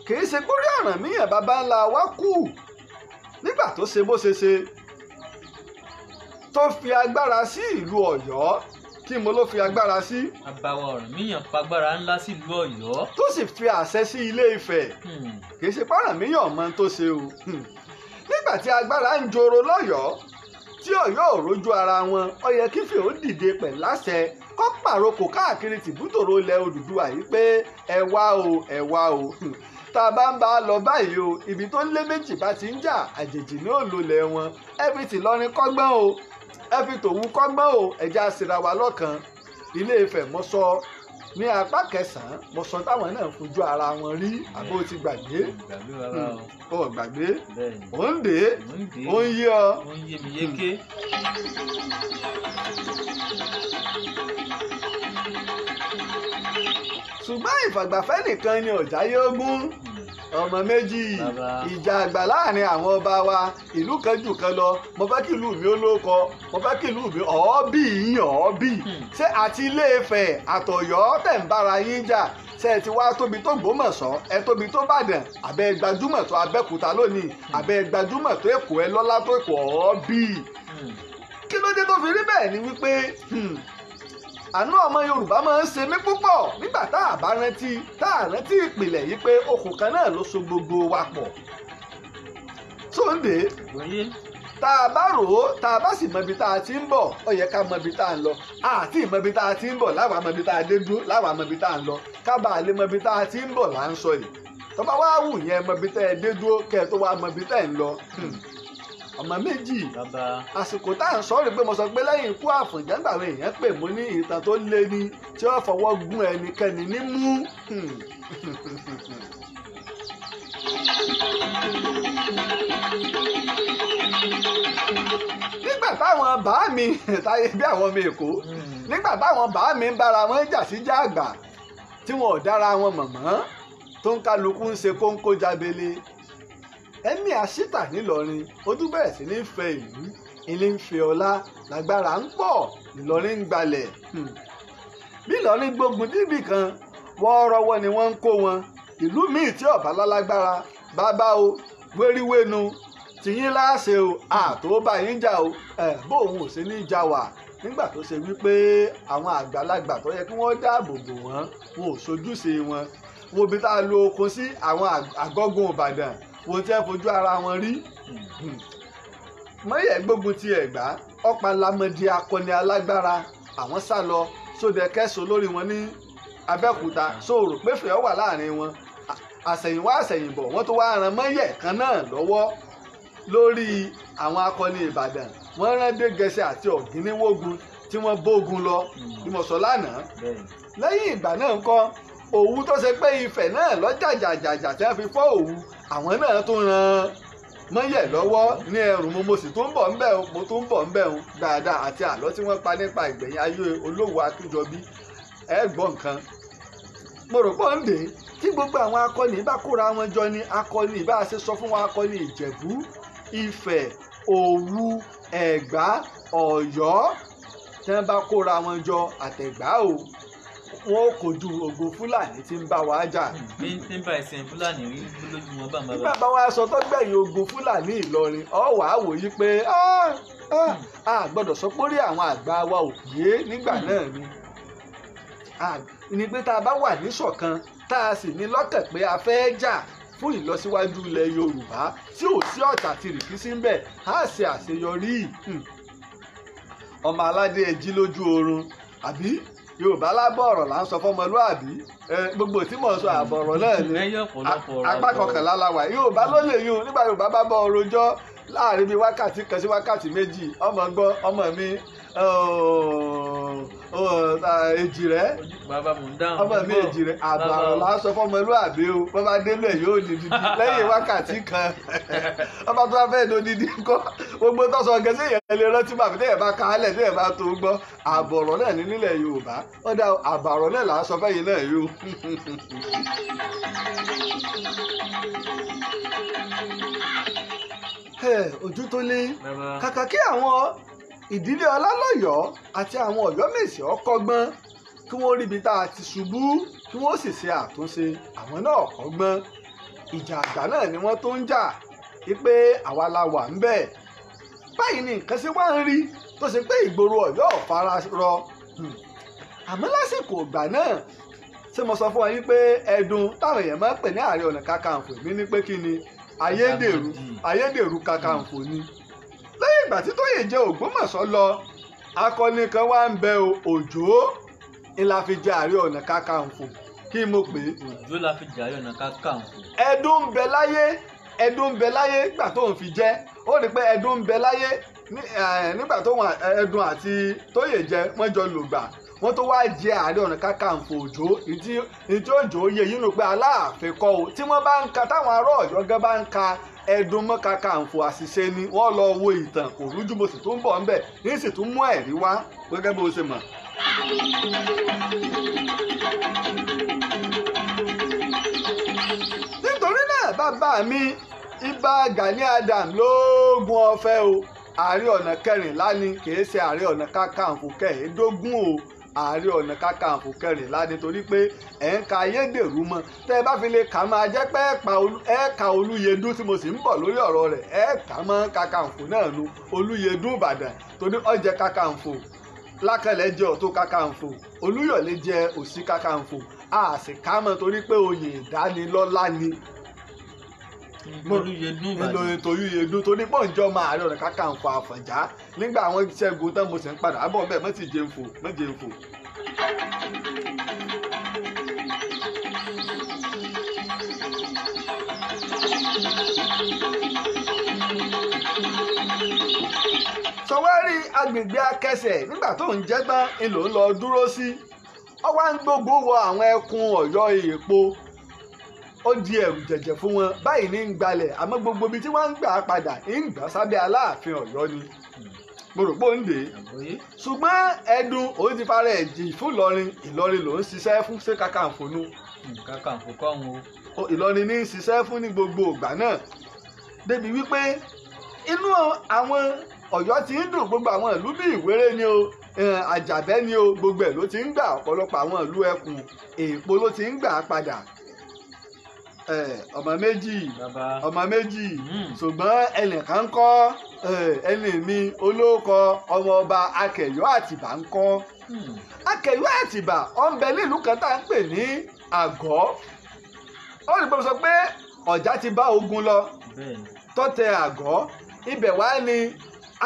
kìí ṣe kórí Ọ̀rànmíyàn bàbá ńlá wa kú nígbà tó ṣe bó ṣe ṣe tó fi agbára sí ìlú Ọ̀yọ́ tí mo ló fi agbára sí. àbàwọ̀ ọ̀rànmíyàn fagbára ńlá sílùú ọ̀yọ́. tó sì fi àṣẹ sí ilé ifẹ̀ hmm. kì í ṣe páràmíyàn mọ tó ṣe o hmm. nígbà tí agbára ń joro lọ́yọ̀ọ́ tí ọ̀yọ́ ò rójú ara wọn ó yẹ kífẹ́ ó dìde pẹ̀ láṣẹ kó pàrokò káàkiri tìbútòrò ilẹ̀ Odùduwà yìí pé ẹ wá o ẹ wá o hmm. tá a bá ń bá a lọ báyìí o ibi tó ń lé méjì bá ti ń jà àjèjì ní òòlù lẹ̀ wọn ẹ fi tìlọrin kọ́gbọ́n o ẹ fi tòun kọ́gbọ́n o ẹja síra wa lọ́kàn ilé Ifẹ̀ mọ́sọ́ ní apá kẹsàn-án mọ́sọ́ táwọn náà fojú ara wọn rí àbó ti gbàgbé ó gbàgbé hmm, ó ń dè ó ń yé ọ. ṣùgbọ́n ìfàgbàfẹ́ nìkan ni ọ̀já yóò gún ọmọ méjì ìjà àgbà láàrin àwọn ọba wa ìlú kan jù kan lọ mo fẹ́ kí ìlú mi ó lóko mo fẹ́ kí ìlú mi ọ̀ọ́bì yín ọ̀ọ́bì hmm. ṣé àti Ilé-Ifẹ̀ àtọ̀yọ́ tẹ̀ ń bára yín jà ṣé ẹ ti wá tóbi tó Gbómọ̀ṣọ́ ẹ tóbi tó Bàdàn àbẹ́ gbajúmọ̀ tó Abẹ́òkúta lónìí hmm. àbẹ́ gbajúmọ̀ tó Èkó ẹ lọ́lá tó Èkó ọ̀ọ́bì hmm. kí ló dé tó fi rí bẹ́ẹ̀ ni wípé àánú ọmọ Yorùbá máa ń ṣe mí púpọ̀ nígbà tá a bá rántí tá a rántí ìpìlẹ̀ yìí pé okùn kan náà ló so gbogbo wa pọ̀ Sunday tá a bá rò ó tá a bá sì mọbi tá a ti ń bọ̀ ó yẹ ká mọbi tá a ń lọ àti ìmọbi tá a ti ń bọ̀ láwa mọbi tá a dé dúró láwa mọbi tá a ń lọ kábàá lè mọbi tá a ti ń bọ̀ là ń sọ yìí tọ́ba wá wù yẹn mọbi tá a dé dúró kẹ́ tó wá mọbi tá a ń lọ ọmọ méjì àsìkò tá à ń sọ̀rọ̀ pé mo sọ pé lẹ́yìn ikú àfọ̀njá nígbà àwọn èèyàn pè mú ní ìtàn tó le ni tí wọ́n fọwọ́ gún ẹnikẹ́ni nímú. nígbà táwọn bàá mi táyé bí àwọn ọmọ èkó nígbà táwọn bàá mi ń bára wọn jà sí jáàgbà tí wọn ò dára wọn mọ̀mọ́ tó ń kálukú ń ṣe kóńkó jábele ẹ̀mí àṣítà ńìlọrin ojú bẹ̀rẹ̀ sí ní fẹ ìlú ilé ń fẹ ọlá lágbára ń pọ̀ ńìlọrin ń gbalẹ̀ hmm. bí ìlọrin gbógun dìbì kan wọ́ọ́rọ́wọ́ ni wọ́n ń kó wọn ìlú míì tí ọ̀bá lálágbára bàbá o wéríwénu tìyín láàṣẹ o àtòbá yín jà o bó òun ò sí ní jà wà nígbà tó ṣe wípé àwọn àgbàlagbà tó yẹ kí wọ́n dáàbò bò wọ́n wọn ò wọn wo bí tá a lo okun sí àwọn àgọ́gùn ìbàdàn wò ó tẹ́ fojú ara wọn rí mọ́yẹ̀ gbógun ti ẹ̀gbá ọ̀pá lamọ̀dí akọni alágbára àwọn sá lọ sóde kẹ́sọ̀ lórí wọn ní abẹ́òkúta sóòrò péfèé wà láàrin wọn àsẹ̀yìnwá àsẹ̀yìnbọ̀ wọ́n tó wá ran mọ́yẹ̀ kan náà lọ́wọ́ lórí àwọn akọni ìbàdàn wọ́n rán dégẹsẹ̀ àti ọ̀gíníwógun tí wọ́n bógun lọ ni mo sọ lánàá lẹ́yìn ìgbà náà ńkọ́ òwú tó ṣe pé ifẹ̀ náà lọ́jàjàjàjà tí wọ́n fi fọ́ òwú àwọn náà tó ran mọ́yẹ̀ lọ́wọ́ ní ẹrù mo mo sì tó ń bọ̀ ń bẹ̀ o mo tó ń bọ̀ ń bẹ̀ o dáadáa àti àlọ́ tí wọ́n pa nípa ìgbẹ̀yìn ayé olówó akíjọbí ẹ gbọ́ nǹkan mo rò pọ̀ ń dè é tí gbogbo àwọn akọni bá kóra wọn jọ ní akọni ìbá ṣe sọ fún wọn akọni ìjẹ̀bú ifẹ̀ òwu ẹ̀gbá ọ̀yọ́ tí wọ́n bá kóra wọn jọ àtẹ̀gbá o wọn ò kojú ogun fúlàní tí ń bá wa jà. mi ti ń bá ẹsẹ̀ fúlàní rí lójúmọ́ bá ń bá wa. nígbà bá wa sọ tó gbẹ̀yìn ogun fúlàní ìlọrin ọ wà á wòye pé ah, ah, a gbọ́dọ̀ sọ pé rí àwọn àgbà wa ò yé nígbà náà ni. ni pé tá a bá wà níṣọ̀kan tá a sì ní lọ́kàn pé a fẹ́ jà fún ìlọsíwájú ilẹ̀ yorùbá tí ò sí ọ̀tà àti rìkísí ń a á ṣe àṣeyọrí hmm. ọmọ aládé ẹjí lójú oorun àbí yorùbá lábọ̀ ọ̀rọ̀ là ń sọ fọmọlúàbí gbogbo tí mò ń sọ àbọ̀rọ̀ náà ni apá kọkànlá la wà yorùbá ló lè yún nígbà yorùbá bá bọ̀ ọ̀rọ̀ jọ láàrin bíi wákàtí kan sí wákàtí méjì ọmọ gbọ́ ọmọ mi èjìrẹ́ ọmọ mi èjìrẹ́ àbàrọ̀ la sọ fọmọlúàbí o bàbá délé yóò di dídí [LAUGHS] lẹ́yìn wákàtí kan bàbá [LAUGHS] tó bá fẹ́ lo dídí kọ́ gbogbo tó sọ gẹ́sẹ́ yẹn lè rántí bàbí tẹ́yẹ̀ bá kálẹ̀ tẹ́yẹ̀ bá tó gbọ́ àbọ̀rọ̀ náà ní nílẹ̀ Yorùbá ọ̀dà àbàrọ̀ náà fẹ́yìn náà yóò. [LAUGHS] ojú tó lé kàkà kí àwọn ìdílé ọlálọ́yọ̀ àti àwọn ọ̀yọ́mèsì ọkọ̀gbọ́n kí wọ́n ríbi tá a ti ṣubú kí wọ́n sì ṣe àtúnṣe àwọn náà kọ́gbọ́n ìjà àgbà náà ni wọ́n tó ń jà wípé àwa la wà ń bẹ̀ báyìí ni nǹkan ṣe wá ń rí tó ṣe pé ìgboro Ọ̀yọ́ ọ̀fara rọ hmm. àmọ́ lásìkò ìgbà náà ṣé mo sọ fún ọ yín pé ẹ̀dùn táwọn èèyàn máa ń pè ní Ààrẹ Ọ̀nà Kakanfò mi ní pé kí ni ayédèrú ayédèrú ni. Mm lẹ́yìn ìgbà tí tóyè jẹ ògbómọ̀ṣọ́ lọ akọni kan wá ń bẹ òjò ńlá fi jẹ ààrẹ ọ̀nà kákàǹfò kí mo pè é. òjò la fi jẹ ààrẹ ọ̀nà kákàǹfò. ẹdun ń bẹ láyé ẹdun ń bẹ láyé nígbà tó ń fi jẹ ó rí i pé ẹdun ń bẹ láyé nígbà tó ẹdun àti tóyè jẹ wọ́n jọ lògbà wọ́n tó wáá jẹ ààrẹ ọ̀nà kakanfò òjò ìdí òjò yẹ yín rò pé aláàfin kọ́ o tí wọ́n bá ń ka táwọn ará ọ̀yọ́ gẹ́ bá ń ka ẹ̀dùn mọ́ kakanfò àṣìṣe ni wọ́n lọ wo ìtàn kò rújú mo sì tún bọ̀ ńbẹ̀ yín sì tún mú ẹ̀rí wá gẹ́gẹ́ bó ṣe mọ̀. nítorí náà bàbá mi ibà Gani Adam lóògùn ọ̀fẹ́ o ààrẹ ọ̀nà kẹrìnlá ni kì í ṣe ààrẹ ọ̀nà kakanfò kẹẹ̀ẹ́dógún o ààrẹ ọ̀nà kakanfò kẹrìnlá nítorí pé ẹ̀ ń ka ayédèrú mọ́ tẹ́ ẹ bá fi lè kà máa jẹ́ pé ẹ̀ ka olúyẹdú tí mo sì ń bọ̀ lórí ọ̀rọ̀ rẹ̀ ẹ̀ kà mọ́ kakanfò náà nu olúyẹdú ìbàdàn torí ọ̀jẹ̀ kakanfò lákàlẹ̀ jẹ́ ọ̀tún kakanfò olúyọ̀lé jẹ́ òsì kakanfò a sì ká mọ́ torí pé oyè ìdánilọ́lá ni ìlòyìn tòyú yedu torí pọ̀ njọ́ máa Ààrẹ Ọ̀nà Kakanfò Àfọ̀njá nígbà àwọn ìṣẹ́gun tán mo sì ń padà bọ̀ bẹ́ẹ̀ mọ́tì jẹun fò mọ́tì jẹun fò. sọwárí agbègbè akẹsẹ̀ nígbà tó ń jẹ́gbọ́n ń lò ń lọ dúró sí ọwá ń gbogbo wọ àwọn ẹkùn Ọ̀yọ́ èèpo ó di ẹ̀rù jẹ̀jẹ̀ fún wọn báyìí ní ń gbalẹ̀ gbogbo ibi tí wọ́n ń gbà padà ń gbà sábẹ́ aláàfin ọ̀yọ́ ni mo rò pé ó ń dè é ṣùgbọ́n ẹ̀dùn òun ti fara ẹ̀ jì ìlọrin ìlọrin ló fún ṣé kàkàǹfònú. kàkàǹfò kọ́ ń o. ìlọrin ní ṣiṣẹ́ fún ní gbogbo ìgbà náà débi wípé inú àwọn ọ̀yọ́ ti ń dùn gbogbo àwọn ìlú bíi ìwéré ni o eh, àjàbẹ́ ni o gbogbo ẹ̀ ló ti ń gbà ọ̀pọ̀lọpọ̀ àwọn ìlú ẹkùn èèpo ló ti ń gbà padà ọmọ méjì ọmọ méjì hmm. ṣùgbọ́n ẹnìkan ń kọ́ ẹni mi olóòkọ ọmọ ọba akẹ̀yọ́ àtìbà ń kọ́ hmm. akẹ̀yọ́ àtìbà ọ̀nbẹ nílùú kan tá à ń pè ní àgọ́ ó lè gbọ́dọ̀ sọ pé ọ̀já ti bá ogun lọ tọ́tẹ àgọ́ ibẹ̀ wá ni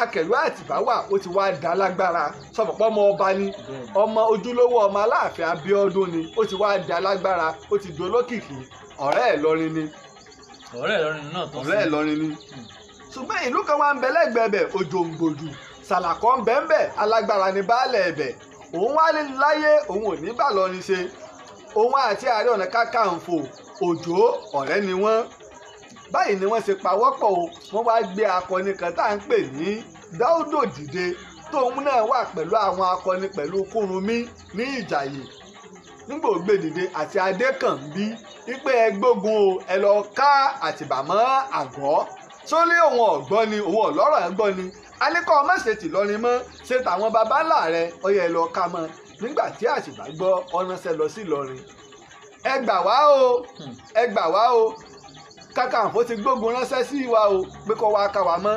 akẹ̀lú àtìbá wà ó ti wá dá lágbára sọ̀pọ̀pọ̀ ọmọ ọba ni ọmọ ojúlówó ọmọ aláàfin Abíọ́dún ni ó ti wá dá lágbára ó ti dolókìkí ọ̀rẹ́ Ìlọrin ni ọ̀rẹ́ Ìlọrin náà tó sí ọ̀rẹ́ Ìlọrin ni hmm. ṣùgbọ́n ìlú kan wà ń bẹ lẹ́gbẹ̀ẹ́ bẹ̀ Òjòǹgbòdù Sàlàkọ́ ń bẹ́ ń bẹ̀ alágbára ni baálẹ̀ ẹ̀bẹ̀ òun wá láyé òun ò ní bà lọrin ṣe òun àti Ààrẹ Ọ̀nà Kakanfò Òjó ọ̀rẹ́ ni wọ́n báyìí ni wọ́n ṣe pawọ́pọ̀ o wọ́n wá gbé akọni kan tá à ń pè ní Dáúdò Dìde tóun náà wà pẹ̀lú àwọn akọni pẹ̀lú Kúrunmí ní Ìjàyè nígbò gbèdìde àti adékànbí wípé ẹ gbógun o ẹ lọ ká àtìbà mọ́ àgọ́ sólé òun ọ̀gbọ́n ni òun ọ̀lọ́rọ̀ ẹ̀ gbọ́n ni alẹ́kọ̀ ọmọ ṣètì lọ́rin mọ́ ṣe tàwọn baba ńlá rẹ ọyẹ ẹ lọ ká mọ́ nígbà tí àtìbà gbọ́ ọ̀ránṣẹ́ lọ sí ìlọrin ẹ gbà wá o ẹ gbà wá o kàkàǹfò ti gbógun ránṣẹ́ sí wa o pé kó wá ká wa mọ́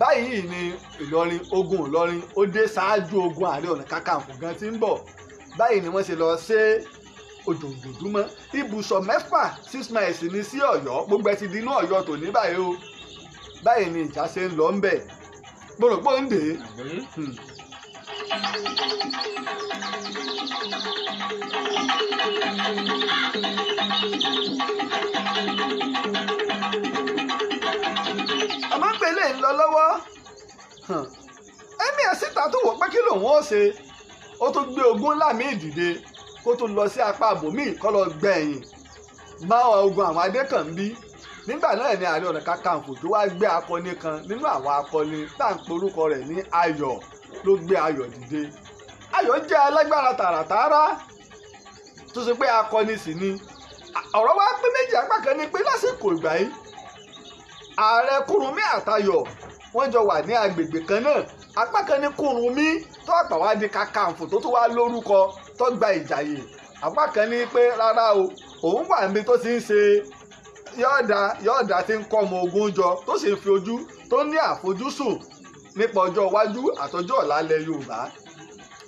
báyìí ni ìlọrin ogun ìlọrin ó dé ṣáájú ogun ààrẹ ọ̀nà kàkàǹfò gan ti ń bọ̀ báyìí ni wọ́n ṣe lọ ṣe ojoojúmọ́ ibùsọ̀ mẹ́fà six miles ní sí ọ̀yọ́ gbogbo ẹ ti di inú ọ̀yọ́ báyìí o báyìí ni ìjà ṣe ń lọ ńbẹ̀ gbòrògbò ń dè é. àmọ́ hmm. pẹ̀lẹ́ ń lọ lọ́wọ́ hmm. ẹ̀mí ẹ̀ síta tó wọ̀ pé kí lòun ó ṣe ó tún gbé ogun ńlá míì dìde kó tún lọ sí apá àbòmíì kó lọ gbẹ̀yìn bá ogun àwọn adékànbí nígbà náà ni ààrẹ ọ̀nà kakanfò tó wá gbé akọni kan nínú àwọn akọni tá à ń pe orúkọ rẹ̀ ní ayọ̀ ló gbé ayọ̀ dìde ayọ̀ jẹ́ alágbára tààràtààrà tó ṣe pé akọni sì ni ọ̀rọ̀ wa pé méjì apá kan ni pé lásìkò ìgbà yìí ààrẹ kúrúnmí àtayọ̀ wọ́n jọ wà ní agbègbè kan náà apá kan ní Kúrúnmí tó àgbà wá di Kakanfò tó tún wá lórúkọ tó gba Ìjàyè apá kan ní pé rárá o òun wà níbi tó ti ń ṣe yọ̀ọ̀dà yọ̀ọ̀dà ti ń kọ́ ọmọ ogun jọ tó sì ń fi ojú tó ní àfojúsùn nípa ọjọ́ iwájú àtọjọ́ ọ̀la ilẹ̀ Yorùbá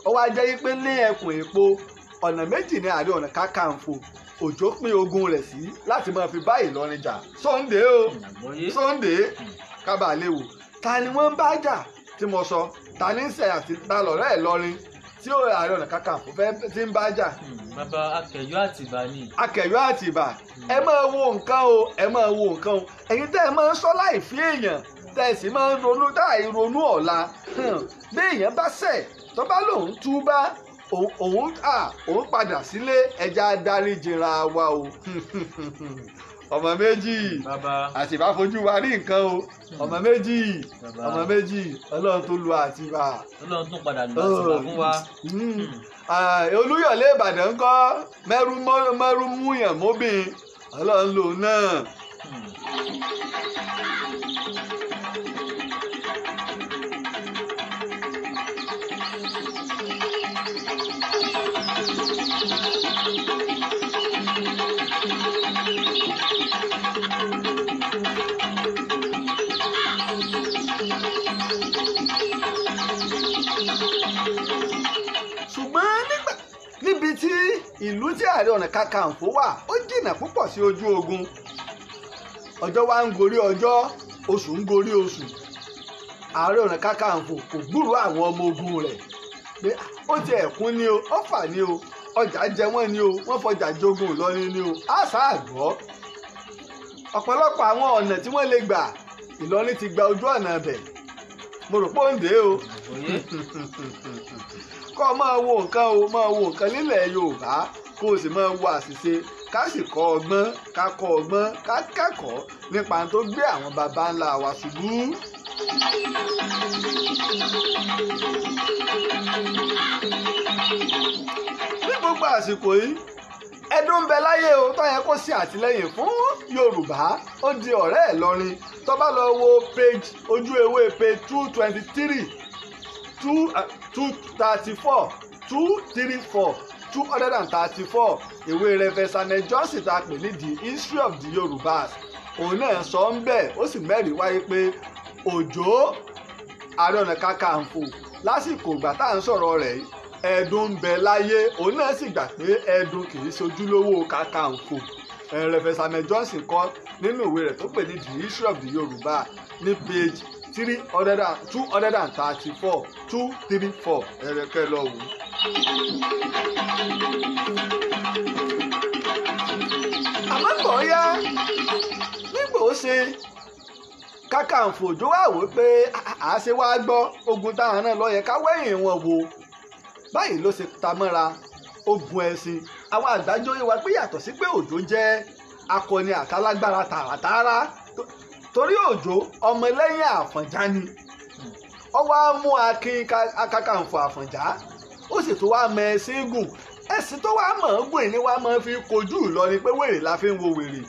ó wá jẹ́ pé ní ẹkùn èpo ọ̀nà méjì ní Ààrẹ Ọ̀nà Kakanfò Òjó pín ogun rẹ̀ sí láti máa fi bá Ìlọrin jà Sunday o Sunday kábàlẹ̀ wò ta ni wọ́n bá jà tí mo sọ ta ní sẹ̀ àti ta lọ̀rẹ́ ẹ̀ lọ́rin tí ó ààrẹ ọ̀nà kakanfò fẹ́ ti ń bá jà. Hmm, bàbá akẹ̀yọ́ àtìbà ni. akẹ̀yọ́ àtìbà ẹ hmm. máa wo nǹkan o ẹ máa wo nǹkan o ẹ̀yin tẹ́ ẹ máa ń sọ láì fi èèyàn tẹ́ ẹ sì máa ń ronú táì ronú ọ̀la hmm. bí èèyàn bá ṣẹ̀ tó bá lòun túbá òun à òun padà sílé ẹja dáríjìnra wa o. [LAUGHS] ọmọ méjì àṣìbá fojú wa rí nǹkan o ọmọ méjì ọmọ méjì ọlọ́run tó lu àṣìbá. ọlọ́run tó padà lu àṣìbá fún wa. Hmm. Hmm. olúyọ̀lé ìbàdàn ń kọ́ mẹ́rú múyàn móbìn ọlọ́run lòun náà. Thank hmm. you. ìlú tí ààrẹ ọ̀nà kàkàǹfò wà ó jìnnà púpọ̀ sí ojú ogun ọjọ́ wa ń gorí ọjọ́ oṣù ń gorí oṣù ààrẹ ọ̀nà kàkàǹfò kò gbúròó àwọn ọmọ ogun rẹ̀ pé ó ti ẹ̀kún ni o ó fà ni o ọjà jẹ wọn ni o wọn fọjà jogun lọ́ni ni o á sáà gbọ́ ọ̀pọ̀lọpọ̀ àwọn ọ̀nà tí wọ́n lè gbà Ìlọrin ti gba ojú ọ̀nà bẹ̀ mo rò pé ó ń dé o [LAUGHS] kọ́ máa wo nǹkan o máa wo nǹkan nílẹ̀ Yorùbá kó o sì máa wo àṣìṣe ká sì kọ́ ọgbọ́n ká kọ́ ọgbọ́n ká kẹ́kọ̀ọ́ nípa tó gbé àwọn baba ńlá wa ṣubú. ní gbogbo àsìkò yìí ẹdún ń bẹ láyé o tó yẹ kó ṣe àtìlẹ́yìn fún yorùbá ó di ọ̀rẹ́ ẹ̀ lọ́rin tó bá lọ wo page ojú ewé page two twenty three two uh, two thirty four two three four two hundred and thirty-four ìwé rẹfẹsàmẹ johnson ta pè ní the history of the yorubas òun náà sọ ń bẹ̀ ó sì mẹ́rin wáyé pé òjò ààrẹ ọ̀nà kakanfò lásìkò ìgbà tá à ń sọ̀rọ̀ rẹ̀ ẹ̀dùn ń bẹ láyé òun náà sì gbà pé ẹ̀dùn kì í ṣojúlówó kakanfò rẹfẹsàmẹ johnson kọ nínú ìwé rẹ̀ tó pè ní the history of the yorùbá ní page three hundred and two hundred and thirty four two three four ẹ̀rẹ̀kẹ́ lọ wò. àmọ́ kò yá nígbà ó ṣe kákàǹfò òjò wà wò pé àṣẹ wàá gbọ́ ogun táwọn náà lọ yẹ ká wẹ̀yìn wọn wò báyìí ló ṣe ta mọ́ra ogun ẹ̀sìn àwọn àgbájọ yìí wá pé yàtọ̀ sí pé òjò jẹ́ akọni àtàlágbára tààràtààrà torí òjò ọmọ ẹlẹ́yìn àfọ̀njá ni ó wá mú akin akákàǹfò àfọ̀njá ó sì tún wá mọ ẹṣin gùn ẹṣin tó wá mọ̀ ń gùn ní wá máa fi kojú lọ ni pé wèrè la fi ń wo wèrè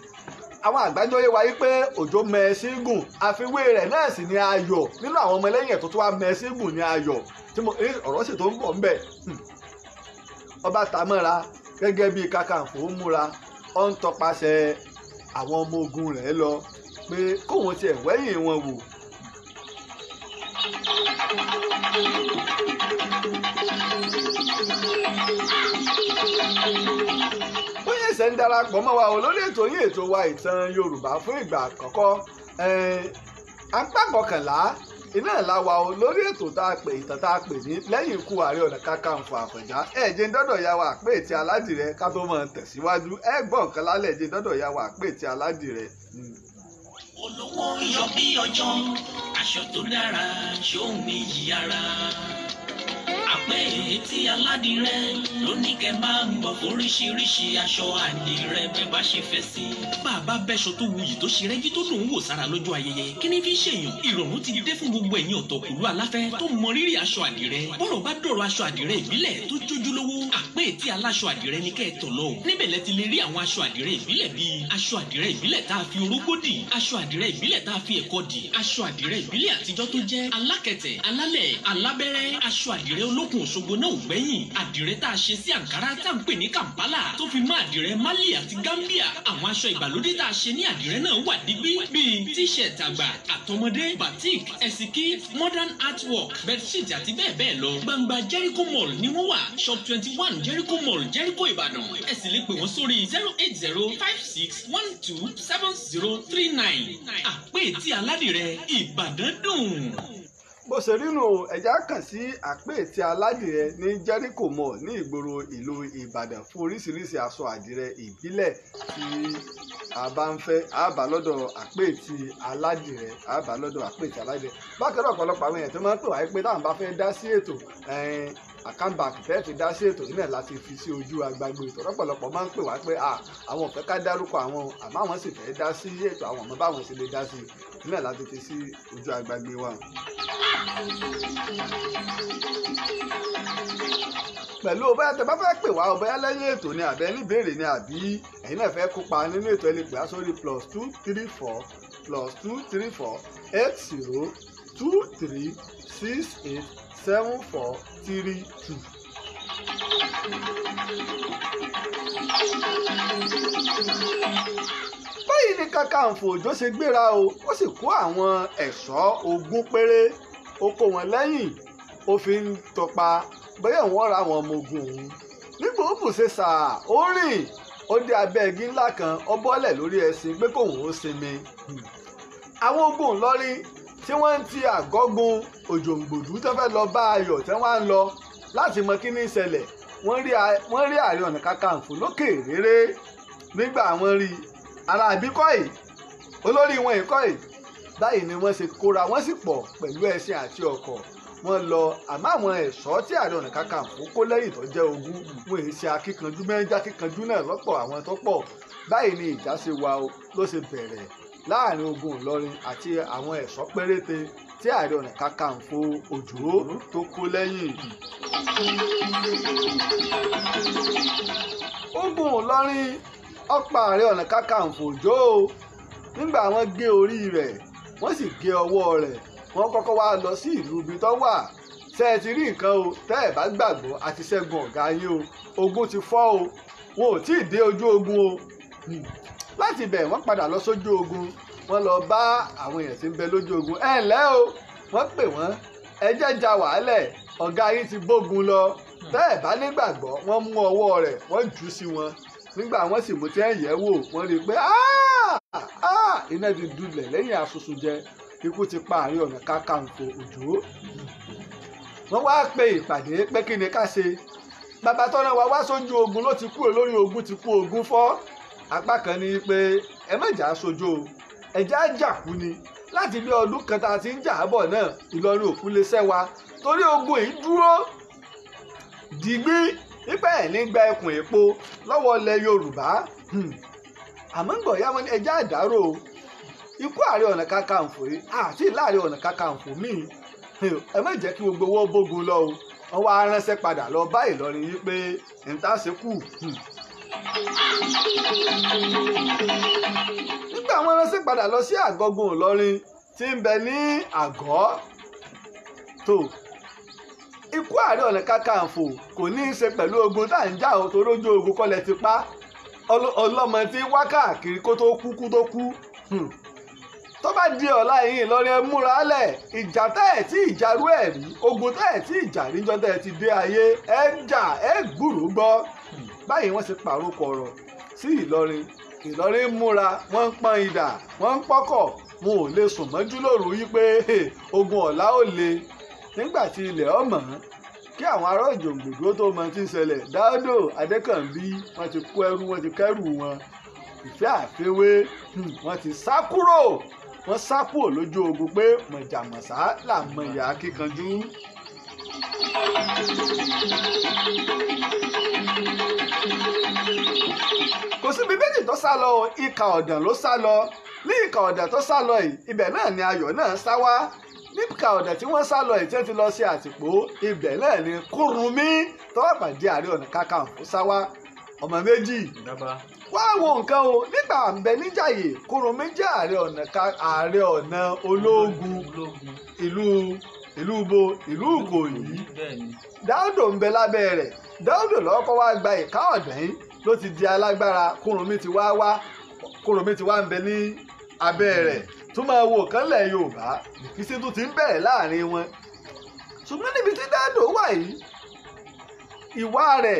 àwọn àgbájọ yé wa yí pé òjò mọ ẹṣin gùn àfiwé rẹ̀ náà sì ni ayọ̀ nínú àwọn ọmọ ẹlẹ́yìn tó tún wá mọ ẹṣin gùn ni ayọ̀ tí mo ọ̀rọ̀ sì tó ń bọ̀ ńbẹ̀ hmm. ọba tamọ́ra gẹ́gẹ́ bíi kàkàǹfò múra ó ń tọpasẹ̀ àwọn ọmọ ogun rẹ̀ lọ pé kóun tiẹ̀ wẹ́yìn wọn wò. bóyá ẹsẹ̀ ń darapọ̀ mọ́ wa ò ètò yín ètò wa ìtàn Yorùbá fún ìgbà àkọ́kọ́ apá kọkànlá iná ẹ̀ wa o ètò tá a pè ìtàn tá a pè ní lẹ́yìn ikú Ààrẹ Ọ̀nà Kakanfò Àfọ̀njá ẹ̀ jẹ́ dọ́dọ̀ ya wa pé ètí aládìrẹ ká tó máa tẹ̀síwájú ẹ̀ gbọ́ nǹkan lálẹ́ jẹ́ dọ́dọ̀ ya wa pé ètí aládìrẹ olówó yọ bí ọjọ́ aṣọ tó dára ṣóhun iyì ara àpé etí aládìrẹ ló ní kẹ máa ń bọ̀ oríṣiríṣi aṣọ àdìrẹ bẹ́ẹ̀ bá ṣe fẹ́ sí. bàbá bẹ́ṣọ tó wuyì tó ṣe rẹ́gí tó dùn ún wò sára lọ́jọ́ ayẹyẹ kí ni fi ń ṣèyàn ìrọ̀rùn ti dé fún gbogbo ẹ̀yin ọ̀tọ̀kùlú aláfẹ́ tó mọ rírì aṣọ àdìrẹ bọ́rọ̀ bá dọ̀rọ̀ aṣọ àdìrẹ ìbílẹ̀ tó jójúlówó àpé etí aláṣọ àdìrẹ ni kẹ́ ẹ tọ̀ lọ níbẹ̀ lẹ ti lè rí àwọn aṣọ àdìrẹ ìbílẹ̀ bíi aṣọ àdìrẹ ìbílẹ̀ tá a fi orógbó dì aṣọ àdìrẹ ìbílẹ̀ tá a fi ẹ̀kọ dì aṣọ àdìrẹ ìbílẹ̀ àtijọ́ tó jẹ́ alákẹ̀tẹ̀ àdìrẹ olókùn Òṣogbo náà ò gbẹ́yìn àdìrẹ tá a ṣe sí Ankara tá à ń pè ní Kampala tó fi mọ́ àdìrẹ Mali àti Gambia àwọn aṣọ ìgbàlódé tá a ṣe ní àdìrẹ náà wà digbí bíi t-shirt àgbà àtọmọdé batik ẹ̀sìnkí modern artwork bedsheet àti bẹ́ẹ̀ bẹ́ẹ̀ lọ gbangba Jericho Mall ni wọ́n wà shop twenty one Jericho Mall Jericho Ìbàdàn ẹ lè pè wọ́n sórí zero eight zero five six one two seven zero three nine àpèétí aládìrẹ Ìbàdàn dùn bó ṣe rínu ẹja kàn sí àpèétí aládìrẹ ní jericho mall ní ìgboro ìlú ìbàdàn fún oríṣiríṣi aṣọ àdìrẹ ìbílẹ̀ tí a bá ń fẹ́ a bá lọ́dọ̀ àpèétí aládìrẹ a bá lọ́dọ̀ àpèétí aládìrẹ bákan náà ọ̀pọ̀lọpọ̀ àwọn èèyàn tó máa ń pè wáyé pé táwọn bá fẹ́ dá sí ètò àkàǹbà àkìtẹ́ fi dá sí ètò yìí náà láti fi sí ojú agbágbé ètò lọ́pọ̀lọpọ̀ máa ń pè wá pé àwọn ò fẹ́ ká dárúkọ àwọn àmọ́ àwọn sì fẹ́ dá sí ètò àwọn ọmọ báwọn sì lè dá sí nílẹ̀ látètè sí ojú àgbàgbé wa. pẹ̀lú bóyá tẹ bá fẹ́ pè wá bóyá lẹ́yìn ètò ni àbẹ́ níbèrè ni àbí ẹ̀yin náà fẹ́ kópa nínú ètò ẹ lè pè á sórí plus two three four plus two three four eight zero two three six eight seven four three two báyìí ni kàkàǹfò òjó ṣe gbéra o ó sì kó àwọn ẹ̀ṣọ́ ogún péré ó kó wọn lẹ́yìn ó fi ń tọpa bẹ́ẹ̀ wọ́n ra àwọn ọmọ ogun òun nígbà ó bùṣe sàá ó rìn ó dé abẹ́ igi ńlá kan ó bọ́lẹ̀ lórí ẹṣin pé kóun ó sinmi àwọn ogun ńlọrin tí wọ́n ń ti àgọ́gun òjòǹgbòdú tó fẹ́ lọ bá ayọ̀ tí wọ́n á lọ láti mọ kí ní ìṣẹ̀lẹ̀ wọ́n rí ààrẹ ọ̀nà kakanfò lókè réré nígbà wọ́n rí ara àbí kọ́ì olórí wọn ìkọ́ì báyìí ni wọ́n ṣe kóra wọ́n sì pọ̀ pẹ̀lú ẹṣin àti ọkọ̀ wọ́n lọ àmọ́ àwọn ẹ̀ṣọ́ tí ààrẹ ọ̀nà kakanfò kó lẹ́yìn tó jẹ́ ogún wọn èyí ṣe akíkanjú mẹ́ńjá kíkanjú náà lọ́pọ̀ àwọn tó pọ̀ báyìí ni ìjà ṣe wà ó ló ṣe bẹ̀rẹ̀ láàrin ogun Ìlọrin àti àwọn ẹ̀ṣọ́ péréte tí ààrẹ ọ̀nà kakanfò òjò tó kó lẹ́yìn. ó gùn lọ́rin ọ̀pá ààrẹ ọ̀nà kakanfò òjò nígbà wọ́n gé orí rẹ̀ wọ́n sì gé ọwọ́ rẹ̀ wọ́n kọ́kọ́ wá lọ sí ìlú ibi tó wà tẹ́ ẹ ti rí nǹkan o tẹ́ ẹ bá gbàgbọ́ àti ṣẹ́gun ọ̀gá yín o ogun ti fọ́ o wọn ò tí ì dé ojú ogun o hmm. láti bẹ̀ wọ́n padà lọ sójú ogun wọ́n lọ bá àwọn èèyàn tí ń bẹ lójú ogun ẹ ǹlẹ́ o wọ́n pè wọ́n ẹ jẹ́ ja wàhálẹ̀ ọ̀gá yín ti bógun lọ tẹ́ bá nígbàgbọ́ wọ́n mú ọwọ́ rẹ̀ wọ́n jù sí wọn nígbà wọ́n sì mú tí ẹ̀ wò wọ́n rí i pé iná ti dulẹ̀ lẹ́yìn asusun jẹ ikú ti pa Ààrẹ Ọ̀nà Kakanfò Òjó wọ́n wá pe ìpàdé pé kí ni ká ṣe bàbá wa wá sójú ogun ló ti kú lórí ogun ti kú ogun fọ́ apá kan ní pé ẹ má jà sójú o Eja eja jà ni láti bí ọdún kan tá a ti ń jà bọ̀ náà Ìlọrin òkú lè ṣẹ́ wa torí ogun èyí dúró ẹ̀ gba ẹkùn èpo lọ́wọ́ ilẹ̀ Yorùbá hmm. àmọ́ ń gbọ̀ ya wọn ẹ̀jẹ̀ àdárò ikú Ààrẹ Ọ̀nà Kakanfò yìí àti láàrẹ Ọ̀nà Kakanfò míì hmm, ẹ má jẹ́ kí gbogbo owó bógun lọ o lọ bá Ìlọrin yìí pé nígbà wọn ránṣẹ́ padà lọ sí àgọ́gun Ìlọrin tí ń bẹ ní àgọ́ tó ikú Ààrẹ Ọ̀nà Kakanfò kò ní í ṣe pẹ̀lú ogun tá à ń jà ó torójú ogun kọ́lẹ̀ ti pa ọlọ́mọ tí wá káàkiri kó tó kú kú tó kú hmm. tó bá di ọ̀la yìí Ìlọrin ẹ múra lẹ̀ ìjà tẹ́ ẹ̀ tí ìjarú ẹ̀ rí ogun tẹ́ ẹ̀ tí ìjà níjọ́ tẹ́ ẹ̀ ti dé ayé ẹ ń jà ẹ gbúrú gbọ́ hmm. báyìí wọ́n ṣe pàrókọ̀ ọ̀rọ̀ sí Ìlọrin Ìlọrin múra wọ́n ń pọ́n idà wọ́n ń pọ́kọ̀ wọn ò lè sùn mọ́jú lóru yí pé ogun ọ̀la ò le nígbà tí ilẹ̀ ọmọ kí àwọn ará òjòǹgbòdó tó mọ ti ń ṣẹlẹ̀ dáódò adékànbí wọ́n ti kó ẹrú wọ́n ti kẹ́rù wọn ìfẹ́ àfẹ́wé hmm, wọ́n ti sá kúrò wọ́n sá kúrò lójú ogun pé mọ̀jàmọ̀sá là mọ ìyá kíkanjú kò sí bíbélì tó sá lọ o ìkà ọ̀dàn ló sá lọ ní ìkà ọ̀dàn tó sá lọ yìí ibẹ̀ náà ni ayọ̀ náà sá wá nípa ọ̀dà tí wọ́n sá lọ ẹ̀ tí wọ́n ti lọ sí àtìpó ibẹ̀ náà ni Kúrúnmí tọ́wọ́ pàdé Ààrẹ Ọ̀nà Kakanfò sáwá ọmọ méjì. wá wo nǹkan o nígbà àǹbẹ níjàyè Kúrúnmí jẹ́ Ààrẹ Ọ̀nà ológun ìlú ìlú bo ìlú ìkòyí dáúdò ń bẹ lábẹ́ rẹ̀ dáúdò lọ́kọ́ wá gba ìka ọ̀dẹ́yìn ló ti di alágbára kúròmí ti wá wá kúròmí ti wá ń bẹ ní abẹ́ rẹ̀ tó máa wo kánlẹ̀ yorùbá ìfisí tó ti ń bẹ̀rẹ̀ láàrin wọn ṣùgbọ́n níbi tí dáúdò wà yìí ìwà rẹ̀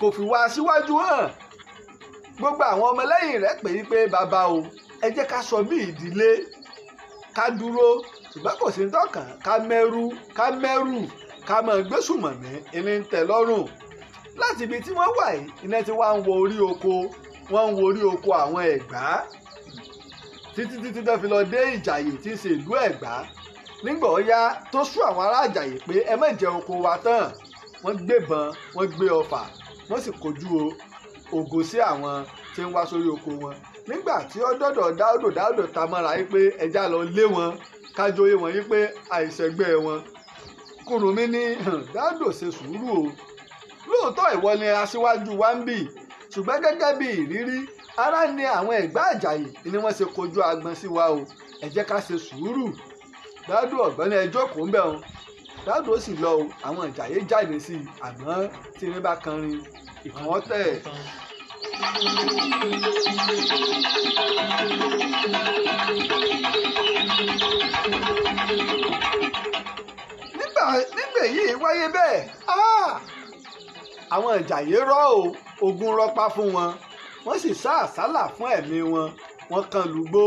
kò fi wá síwájú hàn gbogbo àwọn ọmọlẹ́yìn rẹ̀ pè é pé bàbá o ẹ jẹ́ ká sọ mí ìdílé ká dúró ṣùgbọ́n kò sí tọ́kàn kámẹ́rù kámẹ́rù kámọ́ gbésùmọ̀mí ẹni ń tẹ̀ lọ́rùn láti ibi tí wọ́n wà yìí iná tí wọ́n ń wo orí oko wọ́n ń wo orí oko àwọn ẹ̀gbá títí títí tó fi lọ dé ìjàyè tí í ṣe ìlú ẹ̀gbá nígbà ọ̀yá tó sú àwọn ará àjàyè pé ẹ má jẹ oko wa tán wọ́n gbébọn wọ́n gbé ọfà wọ́n sì kojú ògo sí àwọn tí ń wá sórí oko wọn nígbà tí ó dáódò dáódò ta mọ́ra yìí pé ẹja lọ lé wọn kájọyé wọn yí pé àìsẹ̀gbẹ́ wọn Kúrúnmí ní Dádò ṣe sùúrù o lóòótọ́ ìwọ ni aṣíwájú wa ń bì ṣùgbọ́n gẹ́gẹ́ bí ìrírí ara ni àwọn ẹ̀gbá Àjàyí ni wọ́n ṣe kojú agbọn sí wa o ẹ jẹ́ ká ṣe sùúrù Dádò ọ̀gbẹ́ni ẹjọ́ kò ń bẹ̀ wọn Dádò sì lọ o àwọn Àjàyí jáde sí i tí ní bá kan rin ìkànnì tẹ̀ nígbà yìí wáyé bẹ́ẹ̀ ah! àwọn ìjàyè rọ́ o ogun rọpa fún wọn wọ́n sì sá àsálà fún ẹ̀mí wọn wọ́n kan lùgbó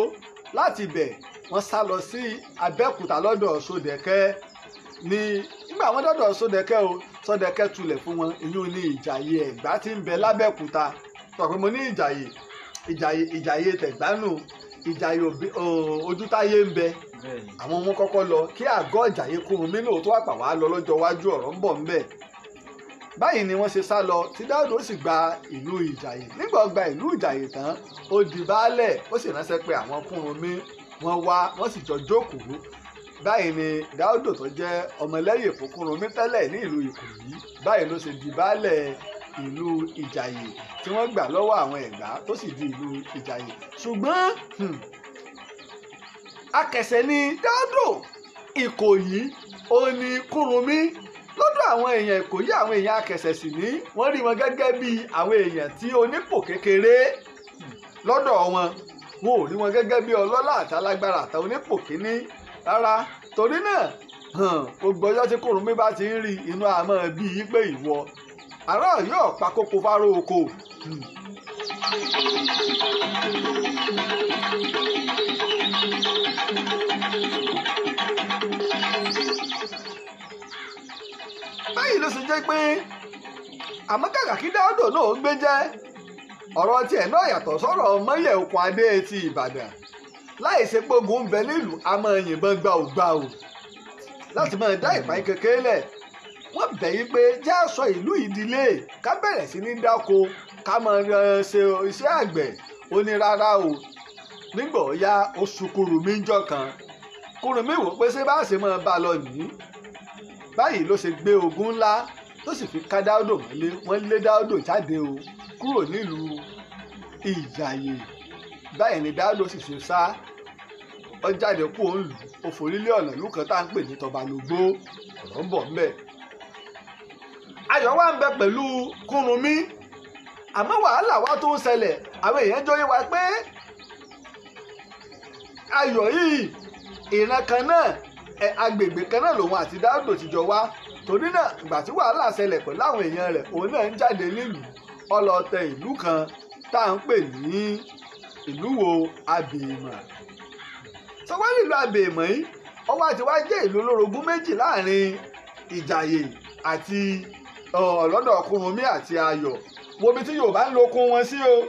láti bẹ̀ wọ́n sá lọ sí abẹ́òkúta lọ́dọ̀ sódẹ̀kẹ́ ní nígbà wọ́n dọ́dọ̀ sódẹ̀kẹ́ o sódẹ̀kẹ́ tulẹ̀ fún wọn ìyún ní ìjàyè ẹ̀gbá tí ń bẹ lábẹ́òkúta sọ pé mo ní ìjàyè ìjàyè ìjàyè tẹ̀gbánù ìjàyè ojútáyé ń bẹ àwọn ọmọ kọ́kọ́ lọ kí àgọ́ ìjàyè Kúrunmí lóòótọ́ àpà wàá lọ lọ́jọ́ iwájú ọ̀rọ̀ ń bọ̀ ń bẹ̀ báyìí ni wọ́n ṣe sá lọ tí Dáúdù ó sì gba ìlú ìjàyè nígbà ó gba ìlú ìjàyè tán ó di baálẹ̀ ó sì ránṣẹ́ pé àwọn Kúrunmí wọ́n wá wọ́n sì jọ jókòó báyìí ni Dáúdù tó jẹ́ ọmọlẹ́yìn fún Kúrunmí tẹ́lẹ̀ ní ìlú Ìkòyí báyìí ló ṣe di baálẹ̀ ìlú ìjàyè tí wọ́n gbà lọ́wọ́ àwọn ẹ̀gbá tó sì di ìlú ìjàyè ṣùgbọ́n hmm, akẹ̀sẹ̀ ni dáńdò ìkòyí òní kúrúnmí lọ́dọ̀ àwọn èèyàn ìkòyí àwọn èèyàn akẹ̀sẹ̀ sì ní wọ́n rí wọn gẹ́gẹ́ bí àwọn èèyàn tí onípò kékeré lọ́dọ̀ wọn wọn ò rí wọn gẹ́gẹ́ bí ọlọ́lá àtàlágbára àtàwọn onípò kíní rárá torí náà hmm, gbogbo ọjọ́ tí kúrúnmí bá ti ń rí inú àmọ́ bíi pé ìwọ àárọ̀ yóò pa kókó oko. báyìí ló ṣe jẹ́ pé àmọ́ kàkà kí dáódò náà ń gbé jẹ́ ọ̀rọ̀ tiẹ̀ náà yàtọ̀ sọ̀rọ̀ mọ́yẹ̀ okùn adé ti Ìbàdàn láì ṣe pógun ń bẹ nílùú a máa yìnbọn gbàùgbàù láti máa dá ìpáyín kékeré lẹ̀ wọ́n bẹ̀ yí pé jẹ́ àṣọ ìlú ìdílé ká bẹ̀rẹ̀ sí ní dáko ká máa ṣe iṣẹ́ àgbẹ̀ ó o nígbà ó yá oṣù kùrùmí jọ kan kùrùmí wò pé ṣé bá ṣe máa bá a lọ nìyí báyìí ló ṣe gbé ogun ńlá tó sì fi ká dáódò mọ́lé wọ́n lé dáódò jáde o kúrò nílùú ìjàyè báyìí ni dáódò sì ṣe sá ọ jáde kó lù ó ọ̀nà lùkàn tá à ń pè ní tọbalógbó ọ̀rọ̀ ń bọ̀ ńbẹ̀ ayọ̀ wà ń bẹ pẹ̀lú kúrúnmí àmọ́ wàhálà wa tó ń ṣẹlẹ̀ àwọn èèyàn jọ yé wa pé ayọ̀ yìí ìran kan náà ẹ agbègbè kan náà lòun àti dáúdò ti jọ wá torí náà ìgbà tí wàhálà ṣẹlẹ̀ pẹ̀lú àwọn èèyàn rẹ̀ òun náà ń jáde nílùú ọlọ́tẹ ìlú kan tá à ń pè ní ìlú abèèmọ̀ sọwọ́n ìlú abèèmọ̀ yìí ọwọ́ àti wá jẹ́ ìlú olórogún méjì láàrin ìjàyè àti lọ́dọ̀ Kúrúnmí àti Ayọ̀ wo ibi tí Yorùbá ń lo okun wọn sí o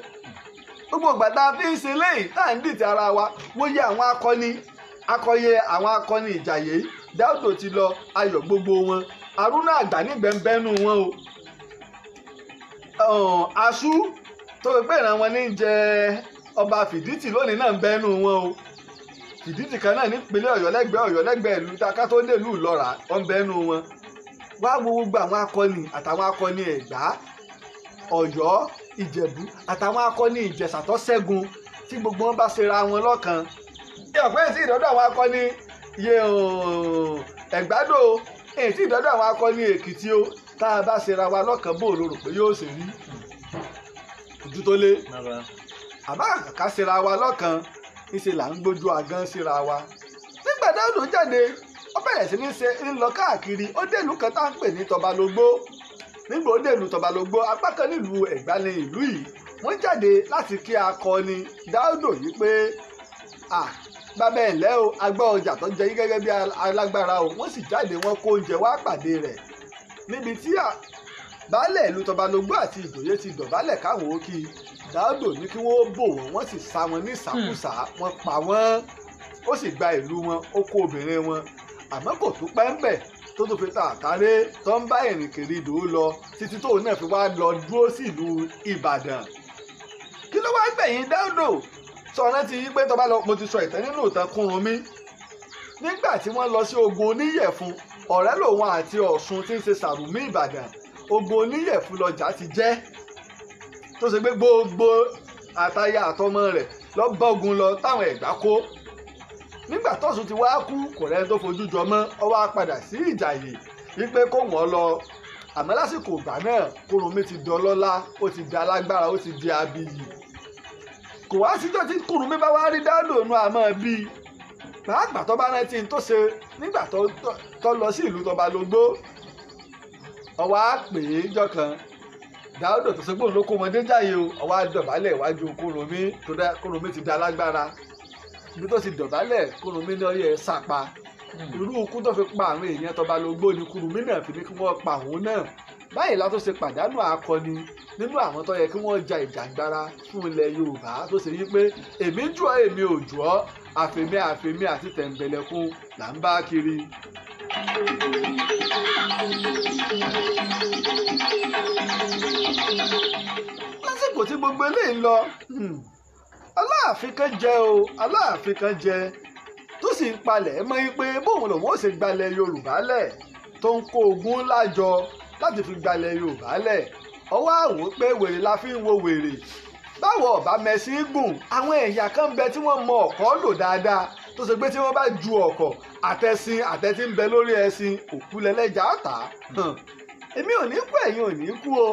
gbogbo ìgbàdá fi ń ṣe léyìí tá à ń dìtẹ̀ ara wa wóye àwọn akọni akọyẹ àwọn akọni ìjàyè Dáúdò ti lọ Ayọ̀ gbogbo wọn Arúnà àgbà nígbẹ̀ngbẹ̀nu wọn o Aṣú tó fi pé ìran wọn ní jẹ ọba Fìdítì lónìí náà ń bẹ́nu wọn o Fìdítì kan náà nípínlẹ̀ Ọ̀yọ́ lẹ́gbẹ̀ẹ́ Ọ̀yọ́ lẹ́gbẹ̀ẹ́ ìlú taká tó dé ìlú Ìlọ́ra ọ̀ ń bẹ́nu wọn wá wo gbogbo àwọn akọni àtàwọn akọni ẹ̀gbá ọ̀yọ́ ìjẹ̀bú àtàwọn akọni ìjẹ̀ṣà tó ṣẹ́gun tí gbogbo wọn bá ṣera wọn lọ́kan ṣé ọ̀pẹ́ sí ìdọ́dọ̀ àwọn akọni yẹ ẹ̀gbádò èyí tí ìdọ́dọ̀ àwọn akọni èkìtì o tá a bá ṣera wa lọ́kan bó ló rò pé yóò ṣe rí ojú tó lé àbá kàkà ṣera wa lọ́kan ńṣe là ń gbójú àgán ṣera wa nígbà dáhùn jáde ó bẹ̀rẹ̀ sí ní ṣe ń lọ káàkiri ó dèlú kan tá à ń pè ní tọbalógbó nígbà ó dèlú tọbalógbó apá kan nílùú ẹ̀gbá ni ìlú yìí wọ́n jáde láti kí akọni dáúdò yìí pé à bàbá ẹ̀ ńlẹ́ o agbá ọjà tó jẹ yín gẹ́gẹ́ bí alágbára o wọ́n sì jáde wọ́n kó oúnjẹ wá pàdé rẹ̀ níbi tí baálẹ̀ ìlú tọbalógbó àti ìjòyè ti dọ̀bálẹ̀ káwọn ó kí dáúdò ní kí wọ́n bò wọ́n wọ́n sì sá wọn ní ìsàkúsà wọ́n pa wọ́n ó sì gba ìlú wọn ó kó obìnrin wọn àmọ́ kò tún pẹ́ ń bẹ̀ tó tún fi tàtàré tó ń bá ìrìn kiri ìdò lọ títí tóun náà fi wá lọ dúró sílùú Ìbàdàn kí ló wá gbẹ̀yìn Dáúdò sọ rántí yí pé tó bá lọ mo ti sọ ìtàn nínú ìtàn Kúrunmí nígbà tí wọ́n lọ sí ogun oníyẹ̀fun ọ̀rẹ́ lòun àti Ọ̀ṣun tí ń ṣe Sàrùmí Ìbàdàn ogun oníyẹ̀fun lọjà ti jẹ́ tó ṣe pé gbogbo àtayà àtọmọ rẹ̀ lọ nígbà tọ́sùn ti wá kú kò rẹ́ni tó fojú jọ mọ́ ọ wá padà sí ìjàyè wípé kó wọ́n lọ àmọ́ lásìkò ìgbà náà Kúrúnmí ti di ọlọ́lá ó ti di alágbára ó ti di abiyì kò wá síjọ́ tí Kúrúnmí bá wá rí dáńdò nu àmọ́ bí pàápàá tó bá rántí tó ṣe nígbà tó lọ sí ìlú tọba lógbó ọwọ́ á pè é jọ kan dáńdò tó ṣe pé ló kó wọn dé jáyé o ọwọ́ á dọ̀bálẹ̀ iwájú Kúrúnmí Kúrúnmí ti di alágbára ibi tó ti dọ̀bálẹ̀ Kúrúnmí náà yẹ sàpá hmm. irú ikú tó fi pa àwọn èèyàn tọba lógbó ni Kúrúnmí náà fi ní kí wọ́n pa òun náà báyìí látó ṣe pàdánù akọni nínú àwọn tó yẹ kí wọ́n ja ìjàngbara fún ilẹ̀ Yorùbá tó ṣe yí pé èmi jù ọ́ èmi ò jù ọ́ àfẹ̀mí àfẹ̀mí àti tẹ̀m̀bẹ̀lẹ̀kun là ń bá kiri. lásìkò tí gbogbo eléyìí lọ. Hmm, aláàfin kan jẹ o aláàfin kan jẹ tó sì ń palẹ̀ mọ́ yín pé bóun lòun ó ṣe gbalẹ̀ yorùbá lẹ̀ tó ń kó ogun ńlá jọ láti fi gbalẹ̀ yorùbá lẹ̀ ọwọ́ àwọn pé wèrè la fi ń wo wèrè báwo ọba mẹsìn gùn àwọn ẹ̀yà kan bẹ tí wọ́n mọ ọ̀kọ́ lò dáadáa tó ṣe pé tí wọ́n bá ju ọ̀kọ̀ àtẹ̀sìn àtẹ̀tí ń bẹ lórí ẹṣin òkú lẹ́lẹ́jà ọ̀tá èmi ò ní kú ẹ̀yin ò ní kú o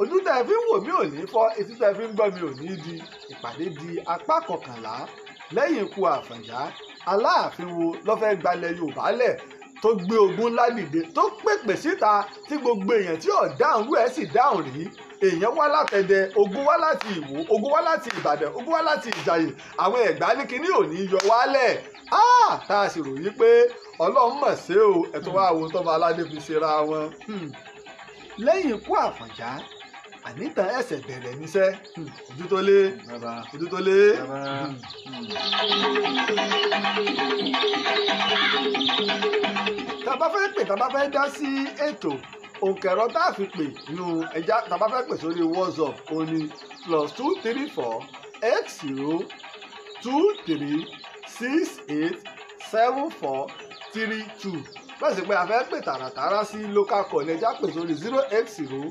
ojú tẹ́ fi ń wò mí ò ní fọ́ etí tẹ́ fi ń gbọ́ mi ò ní di ìpàdé di apá kọkànlá lẹ́yìn ikú àfọ̀njá aláàfin wo ló fẹ́ gbalẹ̀ yorùbá lẹ̀ tó gbé ogun ńlá dìde tó pèpè síta tí gbogbo èèyàn tí ò dáhùn rẹ̀ sì dáhùn rí èèyàn wá látẹ̀dẹ̀ ogun wá láti ìwò ogun wá láti ìbàdàn ogun wá láti ìjàyè àwọn ẹ̀gbá ní kinní ò ní yọ wálẹ̀ tá a sì ròyìn pé ọlọ́run mọ̀ sí o ẹ̀tọ́ wa wo tọ́ba aládé fi ṣera wọn. Hmm. lẹ́yìn ikú àfọ̀njá àníta ẹsẹ̀ bẹ̀rẹ̀ níṣẹ́ hmm, ojú tó lé ojú tó lé. tàbá hmm. fẹ́ pè tàbá fẹ́ dá sí ètò òǹkẹ̀rọ tá a fi pè nù ẹja tàbá fẹ́ pè sórí whatsapp oní plus two three four X zero two three six eight seven four three two bẹ́ẹ̀ sì pé a fẹ́ pè tààràtààrà sí local call ẹja sórí zero eight zero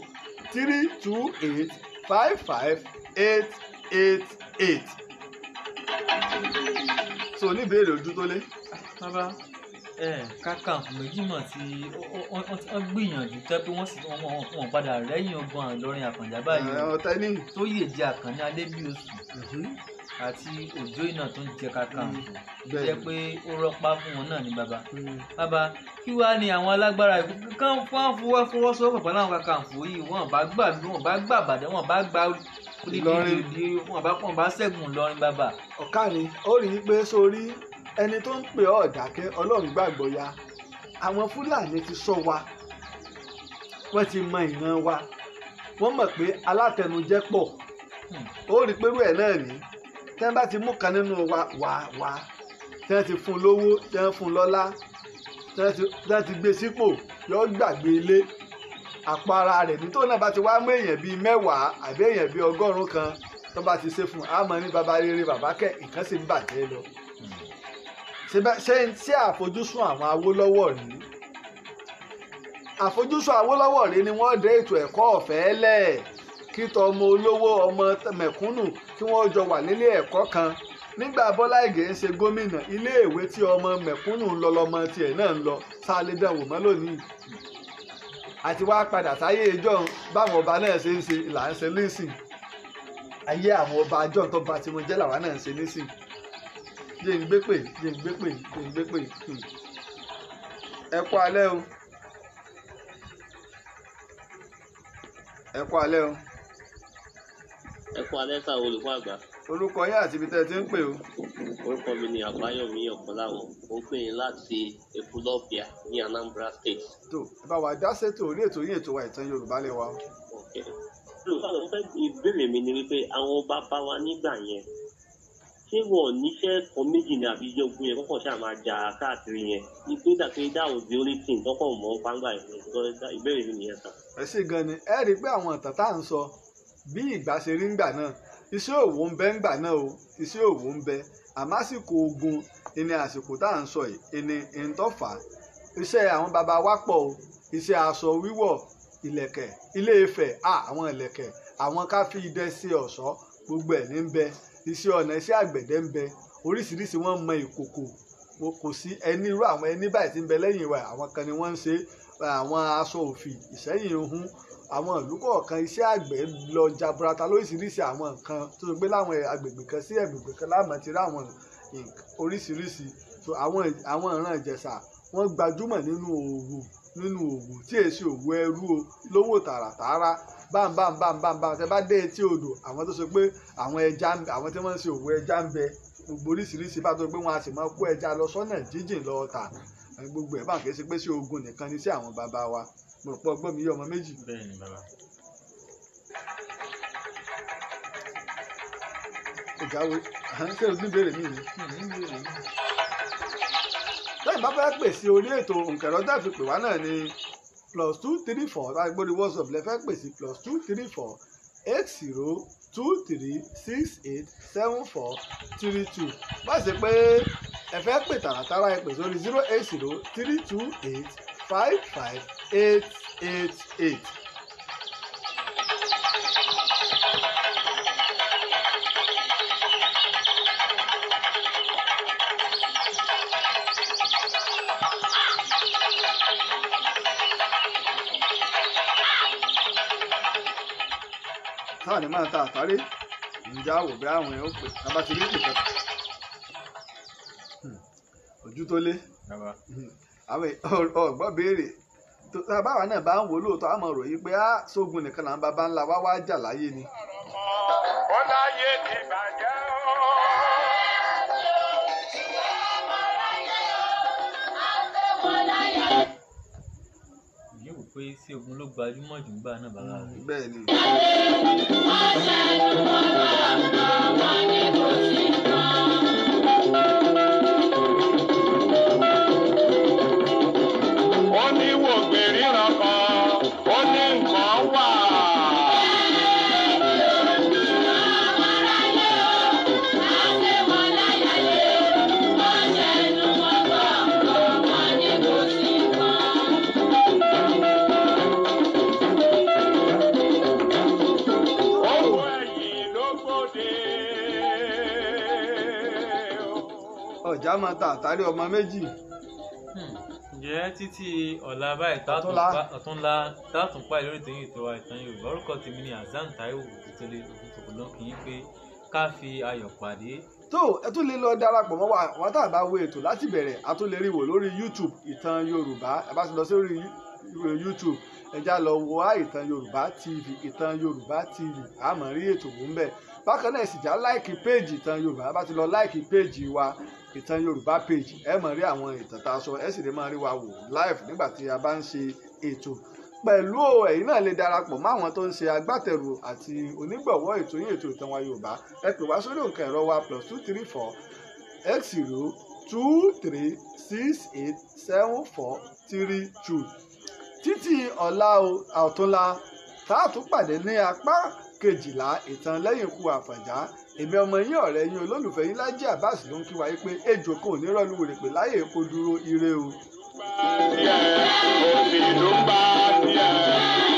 three two eight five five eight eight eight. so oníbèrè ojú tó lé. bàbá ẹ Kakanfò méjì mọ̀ tí wọ́n gbìyànjú tẹ́ pé wọ́n sì wọ́n padà rẹ́yìn ọgbọ́n àlọ́rin Àkànjá báyìí tó yèjì Àkànní Adébíyosù mhm àti òjò ìnà tó ń jẹ kankan tó jẹ pé ó rọpá fún wọn náà ní bàbá mm. bàbá kí wàá ní àwọn alágbára ìkókó kan fún fúwọ́ fọwọ́ sọ pàpà láwọn Kakanfò yìí wọn bá gbà wọn bá gbà bàdàn wọn bá gbà Ìlọrin wọn bá pọ̀ wọn bá ṣẹ́gun Ìlọrin bàbá. ọ̀ká ni ó rí i pé sórí ẹni tó ń pè ọ́ ọ̀dàkẹ́ Ọlọ́run gbàgbọ́ ya àwọn Fúlàní ti sọ wa wọ́n ti mọ ìran wa wọ́n mọ̀ pé alátẹnujẹ́ pọ̀ hmm. ó rí i pé irú ẹ̀ náà rèé tí wọ́n bá ti mú kan nínú wa wá wá tí wọ́n ti fún lówó tí wọ́n fún lọ́lá tí wọ́n ti gbé sípò yọ gbàgbé ilé àpò ara rẹ̀ nítorí náà bá ti wá mú èèyàn bíi mẹ́wàá àbí èèyàn bíi ọgọ́rùn-ún kan tó bá ti ṣe fún un àmọ́ ní baba rere bàbá kẹ́ ìkan sì ń bàjẹ́ lọ. ṣé ṣé àfojúsùn àwọn Awólọ́wọ̀ rí àfojúsùn Awólọ́wọ̀ rí ni wọ́n dé ètò ẹ̀kọ́ ọ̀fẹ́ lẹ̀ kí tọmọ olówó ọmọ mẹ̀kúnnù kí wọ́n jọ wà nílé ẹ̀kọ́ kan nígbà Bọ́lá Ìgè ń ṣe gómìnà iléèwé tí ọmọ mẹ̀kúnnù ń lọ lọmọ tiẹ̀ náà ń lọ sálẹ́dàn wò mọ́ lónìí àti wá padà sáyé ìjọ báwọn ọba náà ṣe ń ṣe là ń ṣe lẹ́sìn ayé àwọn ọba àjọ tó ba tiwọn jẹ́ làwa náà ń ṣe lẹ́sìn yéé ń gbé pè yéé ń gbé pè yéé ń gbé pè ẹ kú alẹ́ o ẹ kú alẹ́ o ẹ kú alẹ́ sà olùkọ́ àgbà. orúkọ yín àti ibi tẹ́ ẹ ti ń pè o. orúkọ mi ni àbáyọ̀mí ọ̀pọ̀láwọ̀ ó pè é láti ekulọ́bìà ní Anambra State. tó ẹ bá wa dá sétò orí ètò yín ètò wa ìtàn Yorùbá lẹ́wà. ìbéèrè mi ni wípé àwọn bàbá wa nígbà yẹn ṣé wọn ò níṣẹ́ kan méjì ní àbíjọ ogun yẹn kọ́kọ́ ṣáà máa jà káàkiri yẹn ìpín dàpé dáhùn di orí tì tọkọ mọ pàǹgbà ìbéèrè mi nìyẹn sà. ẹ ṣé gan ni ẹ rí i pé àwọn ìtàn tá à ń sọ bí ìgbà ṣe rí ńgbà náà iṣẹ́ òwò ń bẹ ńgbà náà o iṣẹ́ òwò ń bẹ àmọ́ àsìkò ogun ìní àsìkò tá à ń sọ yìí ìní ìntọ́fà iṣẹ́ àwọn baba wa pọ̀ o iṣẹ́ aṣọ wíwọ̀ ìlẹ̀kẹ̀ ilé ifẹ̀ àwọn ìlẹ̀kẹ̀ àwọn ká fi idẹ sí ọ̀ṣọ́ gbogbo ẹ̀ ní ń bẹ iṣẹ́ ọ̀nà iṣẹ́ àgbẹ̀dẹ ń bẹ oríṣiríṣi wọ́n mọ ìkòkò kò sí ẹni irú àwọn ẹni báyìí tí ń bẹ lẹ́yìn wa àwọn kan ni wọ́n ń ṣe àwọn aṣọ òfì ìṣẹ́yìn ohun àwọn ìlú kọ̀ọ̀kan iṣẹ́ àgbẹ̀ lọ jaburata lóríṣiríṣi àwọn nǹkan tó ṣe pé láwọn agbègbè kan sí agbègbè kan láàmú ti rí àwọn oríṣiríṣi so àwọn àwọn ìran ìjẹ̀ṣà wọ́n gbajúmọ̀ nínú òwò nínú òwò tí èsì òwò ẹrú o lówó tààràtààrà bámbámbámbámbá tẹ bá dé etí odò àwọn tó ṣe pé àwọn ẹja àwọn tí wọ́n ń ṣe òwò ẹja ń bẹ gbogbo oríṣiríṣi bá tó pé wọ́n á sì máa kó ẹja lọ sọ́nà jíjìn lọ tà gbogbo ẹ̀ bá kìí ṣe pé sí ogun nìkan ni sí àwọn bàbá wa mo rò pé ọgbọ́n mi yé ọmọ méjì. ìjáwé à ń ní ìbéèrè mi ni. lẹ́yìn bá fẹ́ pèsè orí ètò nkẹ̀rọ dàbí pè wá náà ni plus two three four láti gbórí whatsapp lẹ́fẹ́ pèsè plus two three four eight zero two three six eight seven four three two bá ṣe pé ẹ fẹ́ pè tààràtàrà ẹ pè sórí zero eight zero three two eight five five eight eight ní máa ta àtàrí ǹjẹ́ àwò àwọn èèyàn pè tá bá ti rí ìpè hmm. ojú tó lé hmm. àwọn ọgbọ́n béèrè báwa náà bá ń wò lóòótọ́ àmọ́ ròyìn pé á sógun nìkan là ń bàbá ńlá wá wá jà láyé ni. pé sí ogun ló gbajúmọ̀ jù nígbà náà bàbá rẹ̀. bẹ́ẹ̀ ni. ọ̀sẹ̀ ló ní ọjà máa ta àtàrí ọmọ méjì. Hmm. ǹjẹ́ títí ọ̀la báyìí tátùnlá tátùnpá lórí ìtẹ̀yìn ètò wa ìtàn Yorùbá orúkọ tèmi ni Hasan Taiwo Ògúntóyè Ògúntóyè kì í pé ká fi ayọ̀ pàdé tó ẹ tún lè lọ darapọ̀ mọ́ wa àwọn tá a bá wo ètò láti bẹ̀rẹ̀ a tún lè rí wò lórí YouTube ìtàn Yorùbá ẹ bá ti lọ sórí YouTube ẹ já lọ wo á ìtàn Yorùbá TV ìtàn Yorùbá TV a máa rí ètò wò ń bẹ̀ bákan náà sì já láìkì péèjì ìtàn Yorùbá bá ti lọ láìkì péèjì wa ìtàn yorùbá page ẹ máa rí àwọn ìtàn tá a sọ ẹ sì lè máa rí wa wò live nígbà tí a bá ń ṣe ètò pẹ̀lú ẹ̀yin náà lè darapọ̀ mọ́ àwọn tó ń ṣe agbátẹrù àti onígbọ̀wọ́ ètò yín ètò ìtàn wa yorùbá ẹ pè wá sórí òǹkà ẹ̀rọ wa plus two three four x zero two three six eight seven four three two títí ọ̀la ọ̀túnla tá a tún pàdé ní apá kejìlá ìtàn lẹ́yìn ikú àfàjá èmi ọmọ yín ọ̀rẹ́ yín olólùfẹ́ yín Lájí Abbas ló ń kí wáyé pé ejò kan ní rọ́ọ̀lù wèrè pé láyé epo dúró ire o. bá a tiẹ̀